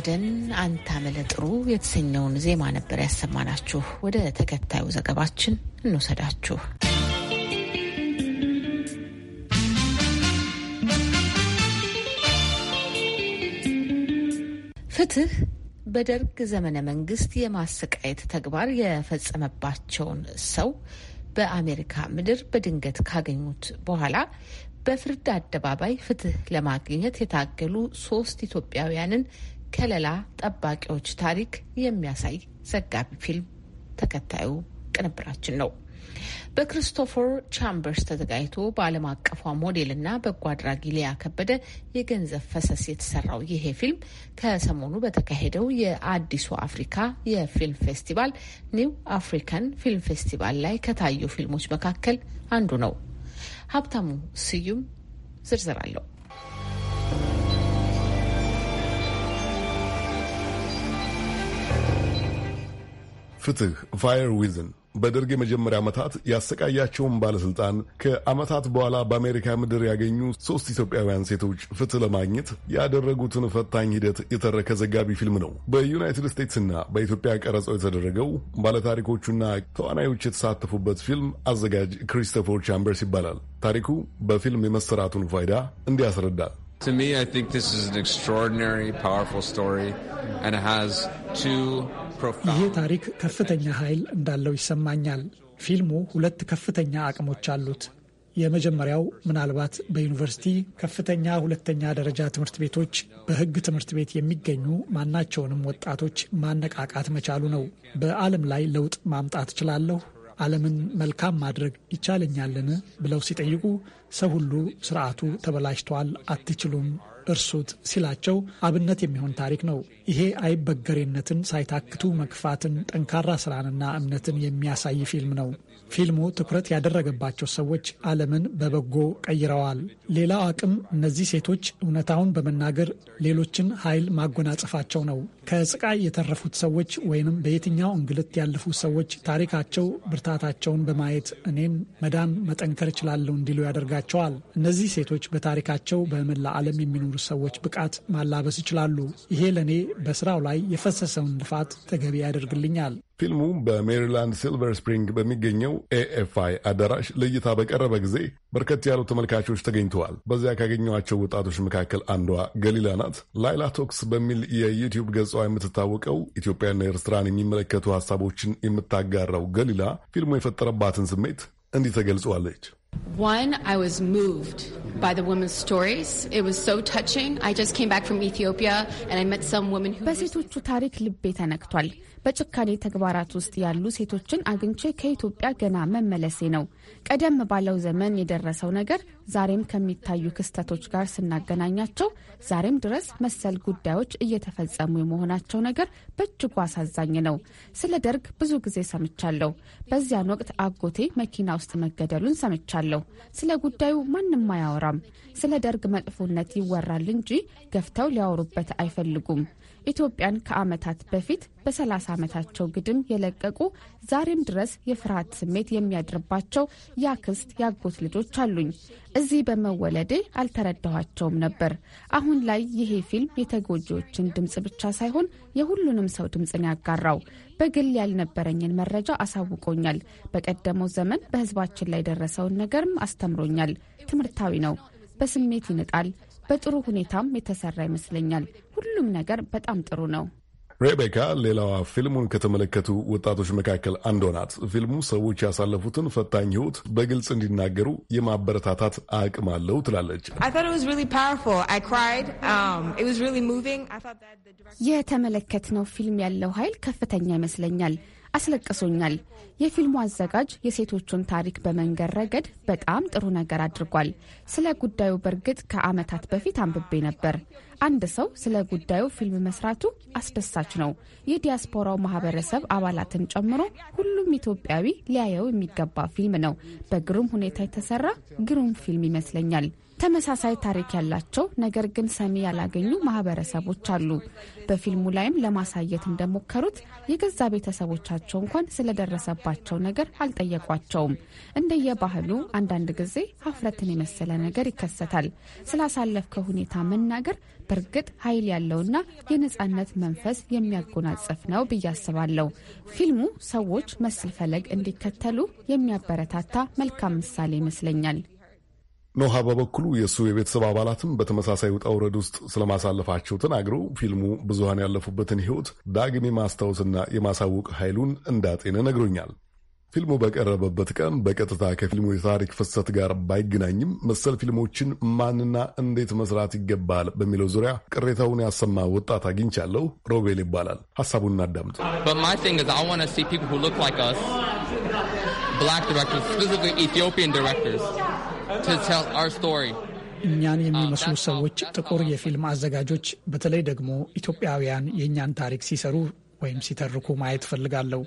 ከበደን አንተ መለጥሩ የተሰኘውን ዜማ ነበር ያሰማናችሁ። ወደ ተከታዩ ዘገባችን እንውሰዳችሁ። ፍትህ በደርግ ዘመነ መንግስት የማሰቃየት ተግባር የፈጸመባቸውን ሰው በአሜሪካ ምድር በድንገት ካገኙት በኋላ በፍርድ አደባባይ ፍትህ ለማግኘት የታገሉ ሶስት ኢትዮጵያውያንን ከለላ ጠባቂዎች ታሪክ የሚያሳይ ዘጋቢ ፊልም ተከታዩ ቅንብራችን ነው። በክሪስቶፈር ቻምበርስ ተዘጋጅቶ በዓለም አቀፏ ሞዴልና በጎ አድራጊ ሊያ ከበደ የገንዘብ ፈሰስ የተሰራው ይሄ ፊልም ከሰሞኑ በተካሄደው የአዲሱ አፍሪካ የፊልም ፌስቲቫል ኒው አፍሪካን ፊልም ፌስቲቫል ላይ ከታዩ ፊልሞች መካከል አንዱ ነው። ሀብታሙ ስዩም ዝርዝር አለው። ፍትህ ፋየር ዊዝን በደርግ የመጀመሪያ ዓመታት ያሰቃያቸውን ባለሥልጣን ከዓመታት በኋላ በአሜሪካ ምድር ያገኙ ሦስት ኢትዮጵያውያን ሴቶች ፍትህ ለማግኘት ያደረጉትን ፈታኝ ሂደት የተረከ ዘጋቢ ፊልም ነው። በዩናይትድ ስቴትስና በኢትዮጵያ ቀረጸው የተደረገው ባለታሪኮቹና ተዋናዮች የተሳተፉበት ፊልም አዘጋጅ ክሪስቶፈር ቻምበርስ ይባላል። ታሪኩ በፊልም የመሰራቱን ፋይዳ እንዲህ ያስረዳል። To me, I think this is an extraordinary, powerful story, and it has two ይሄ ታሪክ ከፍተኛ ኃይል እንዳለው ይሰማኛል። ፊልሙ ሁለት ከፍተኛ አቅሞች አሉት። የመጀመሪያው ምናልባት በዩኒቨርሲቲ ከፍተኛ ሁለተኛ ደረጃ ትምህርት ቤቶች በሕግ ትምህርት ቤት የሚገኙ ማናቸውንም ወጣቶች ማነቃቃት መቻሉ ነው። በዓለም ላይ ለውጥ ማምጣት እችላለሁ፣ ዓለምን መልካም ማድረግ ይቻለኛልን ብለው ሲጠይቁ ሰው ሁሉ ስርዓቱ ተበላሽቷል፣ አትችሉም እርሱት ሲላቸው አብነት የሚሆን ታሪክ ነው። ይሄ አይበገሬነትን፣ ሳይታክቱ መግፋትን፣ ጠንካራ ስራንና እምነትን የሚያሳይ ፊልም ነው። ፊልሙ ትኩረት ያደረገባቸው ሰዎች ዓለምን በበጎ ቀይረዋል። ሌላው አቅም እነዚህ ሴቶች እውነታውን በመናገር ሌሎችን ኃይል ማጎናጸፋቸው ነው። ከስቃይ የተረፉት ሰዎች ወይንም በየትኛው እንግልት ያለፉ ሰዎች ታሪካቸው ብርታታቸውን በማየት እኔም መዳን መጠንከር እችላለሁ እንዲሉ ያደርጋቸዋል። እነዚህ ሴቶች በታሪካቸው በመላ ዓለም የሚኖሩ ሰዎች ብቃት ማላበስ ይችላሉ። ይሄ ለእኔ በስራው ላይ የፈሰሰውን ልፋት ተገቢ ያደርግልኛል። ፊልሙ በሜሪላንድ ሲልቨር ስፕሪንግ በሚገኘው ኤኤፍአይ አዳራሽ ለእይታ በቀረበ ጊዜ በርከት ያሉ ተመልካቾች ተገኝተዋል። በዚያ ካገኘኋቸው ወጣቶች መካከል አንዷ ገሊላ ናት። ላይላ ቶክስ በሚል የዩቲዩብ ገጿ የምትታወቀው ኢትዮጵያና ኤርትራን የሚመለከቱ ሀሳቦችን የምታጋራው ገሊላ ፊልሙ የፈጠረባትን ስሜት እንዲህ ተገልጸዋለች። One, I was moved by the women's stories. It was so touching. I just came back from Ethiopia and I met some women who በሴቶቹ ታሪክ ልቤ ተነክቷል። በጭካኔ ተግባራት ውስጥ ያሉ ሴቶችን አግኝቼ ከኢትዮጵያ ገና መመለሴ ነው። ቀደም ባለው ዘመን የደረሰው ነገር ዛሬም ከሚታዩ ክስተቶች ጋር ስናገናኛቸው ዛሬም ድረስ መሰል ጉዳዮች እየተፈጸሙ የመሆናቸው ነገር በእጅጉ አሳዛኝ ነው። ስለ ደርግ ብዙ ጊዜ ሰምቻለሁ። በዚያን ወቅት አጎቴ መኪና ውስጥ መገደሉን ሰምቻለሁ። ስለ ጉዳዩ ማንም አያወራም። ስለ ደርግ መጥፎነት ይወራል እንጂ ገፍተው ሊያወሩበት አይፈልጉም። ኢትዮጵያን ከዓመታት በፊት በሰላሳ ዓመታቸው ግድም የለቀቁ ዛሬም ድረስ የፍርሃት ስሜት የሚያድርባቸው ያክስት ያጎት ልጆች አሉኝ። እዚህ በመወለዴ አልተረዳኋቸውም ነበር። አሁን ላይ ይሄ ፊልም የተጎጂዎችን ድምፅ ብቻ ሳይሆን የሁሉንም ሰው ድምፅን ያጋራው በግል ያልነበረኝን መረጃ አሳውቆኛል። በቀደመው ዘመን በህዝባችን ላይ ደረሰውን ነገርም አስተምሮኛል። ትምህርታዊ ነው። በስሜት ይንጣል። በጥሩ ሁኔታም የተሰራ ይመስለኛል። ሁሉም ነገር በጣም ጥሩ ነው። ሬቤካ ሌላዋ ፊልሙን ከተመለከቱ ወጣቶች መካከል አንዷ ናት። ፊልሙ ሰዎች ያሳለፉትን ፈታኝ ሕይወት በግልጽ እንዲናገሩ የማበረታታት አቅም አለው ትላለች። um, የተመለከትነው ፊልም ያለው ኃይል ከፍተኛ ይመስለኛል። አስለቅሶኛል። የፊልሙ አዘጋጅ የሴቶቹን ታሪክ በመንገድ ረገድ በጣም ጥሩ ነገር አድርጓል። ስለ ጉዳዩ በእርግጥ ከዓመታት በፊት አንብቤ ነበር። አንድ ሰው ስለ ጉዳዩ ፊልም መስራቱ አስደሳች ነው። የዲያስፖራው ማህበረሰብ አባላትን ጨምሮ ሁሉም ኢትዮጵያዊ ሊያየው የሚገባ ፊልም ነው። በግሩም ሁኔታ የተሰራ ግሩም ፊልም ይመስለኛል። ተመሳሳይ ታሪክ ያላቸው ነገር ግን ሰሚ ያላገኙ ማህበረሰቦች አሉ። በፊልሙ ላይም ለማሳየት እንደሞከሩት የገዛ ቤተሰቦቻቸው እንኳን ስለደረሰባቸው ነገር አልጠየቋቸውም። እንደየባህሉ አንዳንድ ጊዜ ሀፍረትን የመሰለ ነገር ይከሰታል። ስላሳለፍከው ሁኔታ መናገር በእርግጥ ኃይል ያለውና የነጻነት መንፈስ የሚያጎናጽፍ ነው ብዬ አስባለሁ። ፊልሙ ሰዎች መስል ፈለግ እንዲከተሉ የሚያበረታታ መልካም ምሳሌ ይመስለኛል። ኖሃ በበኩሉ የእሱ የቤተሰብ አባላትም በተመሳሳይ ውጣ ውረድ ውስጥ ስለማሳለፋቸው ተናግረው ፊልሙ ብዙሃን ያለፉበትን ሕይወት ዳግም የማስታወስና የማሳወቅ ኃይሉን እንዳጤነ ነግሮኛል። ፊልሙ በቀረበበት ቀን በቀጥታ ከፊልሙ የታሪክ ፍሰት ጋር ባይገናኝም መሰል ፊልሞችን ማንና እንዴት መስራት ይገባል በሚለው ዙሪያ ቅሬታውን ያሰማ ወጣት አግኝቻለሁ። ሮቤል ይባላል። ሀሳቡን እናዳምጥ። ብላክ ዲሬክተርስ ኢትዮጵያን ዲሬክተርስ እኛን የሚመስሉ um, ሰዎች ጥቁር የፊልም አዘጋጆች፣ በተለይ ደግሞ ኢትዮጵያውያን የእኛን ታሪክ ሲሰሩ ወይም ሲተርኩ ማየት እፈልጋለሁ።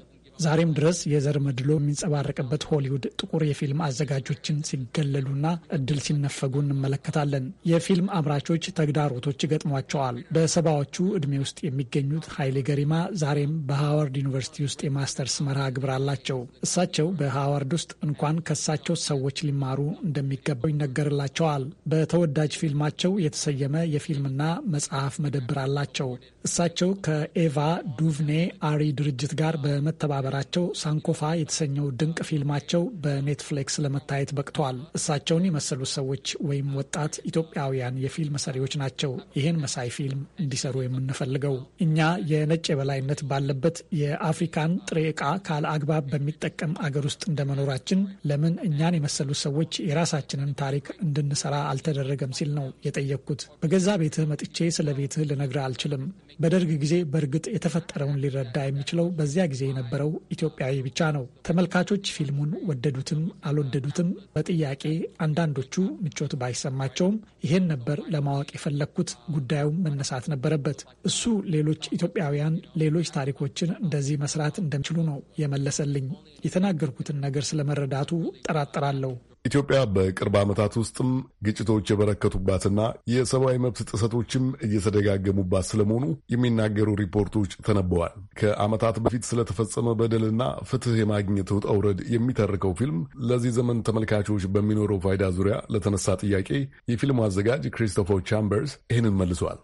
ዛሬም ድረስ የዘር መድሎ የሚንጸባረቅበት ሆሊውድ ጥቁር የፊልም አዘጋጆችን ሲገለሉና እድል ሲነፈጉ እንመለከታለን። የፊልም አምራቾች ተግዳሮቶች ገጥሟቸዋል። በሰባዎቹ ዕድሜ ውስጥ የሚገኙት ኃይሌ ገሪማ ዛሬም በሃዋርድ ዩኒቨርሲቲ ውስጥ የማስተርስ መርሃ ግብር አላቸው። እሳቸው በሃዋርድ ውስጥ እንኳን ከሳቸው ሰዎች ሊማሩ እንደሚገባው ይነገርላቸዋል። በተወዳጅ ፊልማቸው የተሰየመ የፊልምና መጽሐፍ መደብር አላቸው። እሳቸው ከኤቫ ዱቭኔ አሪ ድርጅት ጋር በመተባበራቸው ሳንኮፋ የተሰኘው ድንቅ ፊልማቸው በኔትፍሊክስ ለመታየት በቅተዋል። እሳቸውን የመሰሉ ሰዎች ወይም ወጣት ኢትዮጵያውያን የፊልም ሰሪዎች ናቸው ይህን መሳይ ፊልም እንዲሰሩ የምንፈልገው። እኛ የነጭ የበላይነት ባለበት የአፍሪካን ጥሬ ዕቃ ካለ አግባብ በሚጠቀም አገር ውስጥ እንደመኖራችን ለምን እኛን የመሰሉ ሰዎች የራሳችንን ታሪክ እንድንሰራ አልተደረገም ሲል ነው የጠየቅኩት። በገዛ ቤትህ መጥቼ ስለ ቤትህ ልነግርህ አልችልም በደርግ ጊዜ በእርግጥ የተፈጠረውን ሊረዳ የሚችለው በዚያ ጊዜ የነበረው ኢትዮጵያዊ ብቻ ነው። ተመልካቾች ፊልሙን ወደዱትም አልወደዱትም በጥያቄ አንዳንዶቹ ምቾት ባይሰማቸውም ይሄን ነበር ለማወቅ የፈለግኩት። ጉዳዩም መነሳት ነበረበት። እሱ ሌሎች ኢትዮጵያውያን ሌሎች ታሪኮችን እንደዚህ መስራት እንደሚችሉ ነው የመለሰልኝ። የተናገርኩትን ነገር ስለመረዳቱ ጠራጠራለሁ። ኢትዮጵያ በቅርብ ዓመታት ውስጥም ግጭቶች የበረከቱባትና የሰብአዊ መብት ጥሰቶችም እየተደጋገሙባት ስለመሆኑ የሚናገሩ ሪፖርቶች ተነበዋል። ከዓመታት በፊት ስለተፈጸመ በደልና ፍትህ የማግኘት ውጣ ውረድ የሚተርከው ፊልም ለዚህ ዘመን ተመልካቾች በሚኖረው ፋይዳ ዙሪያ ለተነሳ ጥያቄ የፊልሙ አዘጋጅ ክሪስቶፈር ቻምበርስ ይህንን መልሷል።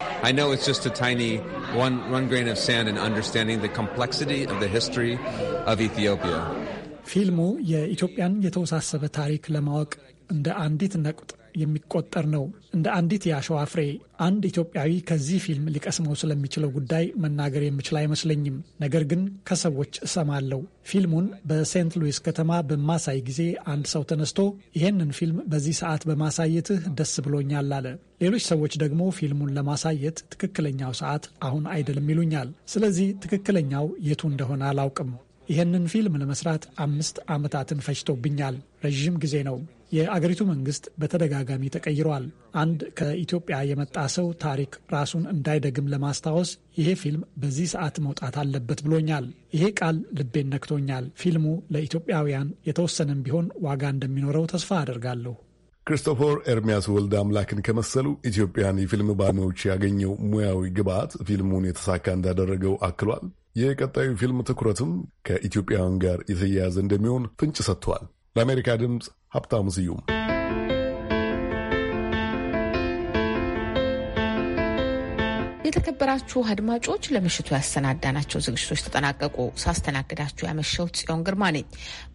ኢትዮጵያ። ፊልሙ የኢትዮጵያን የተወሳሰበ ታሪክ ለማወቅ እንደ አንዲት ነቁጥ የሚቆጠር ነው። እንደ አንዲት የአሸዋ ፍሬ አንድ ኢትዮጵያዊ ከዚህ ፊልም ሊቀስመው ስለሚችለው ጉዳይ መናገር የምችል አይመስለኝም። ነገር ግን ከሰዎች እሰማለሁ። ፊልሙን በሴንት ሉዊስ ከተማ በማሳይ ጊዜ አንድ ሰው ተነስቶ ይሄንን ፊልም በዚህ ሰዓት በማሳየትህ ደስ ብሎኛል አለ። ሌሎች ሰዎች ደግሞ ፊልሙን ለማሳየት ትክክለኛው ሰዓት አሁን አይደለም ይሉኛል። ስለዚህ ትክክለኛው የቱ እንደሆነ አላውቅም። ይህንን ፊልም ለመስራት አምስት ዓመታትን ፈጅቶብኛል። ረዥም ጊዜ ነው። የአገሪቱ መንግስት በተደጋጋሚ ተቀይሯል። አንድ ከኢትዮጵያ የመጣ ሰው ታሪክ ራሱን እንዳይደግም ለማስታወስ ይሄ ፊልም በዚህ ሰዓት መውጣት አለበት ብሎኛል። ይሄ ቃል ልቤን ነክቶኛል። ፊልሙ ለኢትዮጵያውያን የተወሰነም ቢሆን ዋጋ እንደሚኖረው ተስፋ አደርጋለሁ። ክርስቶፎር ኤርሚያስ ወልደ አምላክን ከመሰሉ ኢትዮጵያን የፊልም ባለሙያዎች ያገኘው ሙያዊ ግብዓት ፊልሙን የተሳካ እንዳደረገው አክሏል። የቀጣዩ ፊልም ትኩረትም ከኢትዮጵያውያን ጋር የተያያዘ እንደሚሆን ፍንጭ ሰጥቷል። ለአሜሪካ ድምፅ ሀብታሙ ስዩም። የተከበራችሁ አድማጮች ለምሽቱ ያሰናዳናቸው ዝግጅቶች ተጠናቀቁ። ሳስተናግዳችሁ ያመሸው ጽዮን ግርማ ነኝ።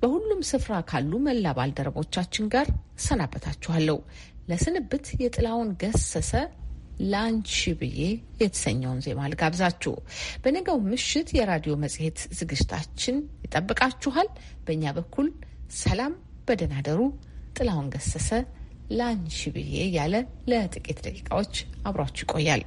በሁሉም ስፍራ ካሉ መላ ባልደረቦቻችን ጋር እሰናበታችኋለሁ። ለስንብት የጥላውን ገሰሰ ላንች ብዬ የተሰኘውን ዜማ ልጋብዛችሁ። በነገው ምሽት የራዲዮ መጽሔት ዝግጅታችን ይጠብቃችኋል። በእኛ በኩል ሰላም፣ በደህና ደሩ። ጥላሁን ገሰሰ ለአንቺ ብዬ እያለ ለጥቂት ደቂቃዎች አብሯችሁ ይቆያል።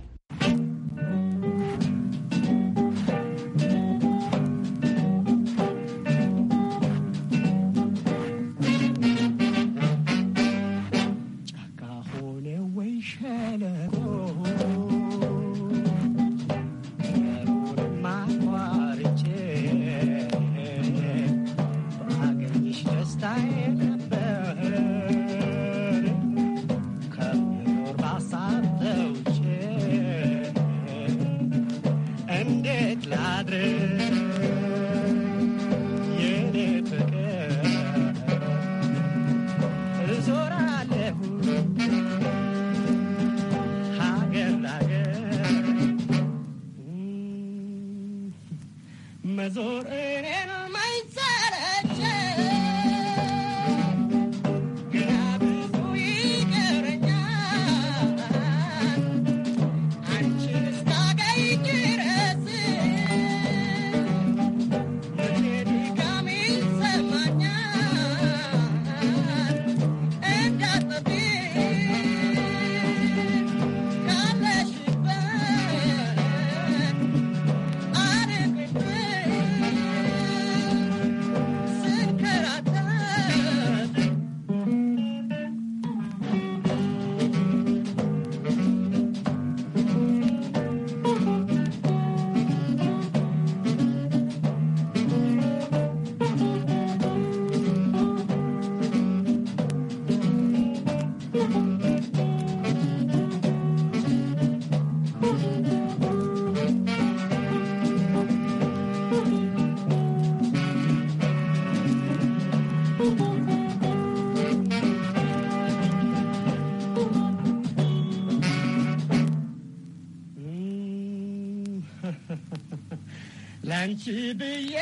Chibi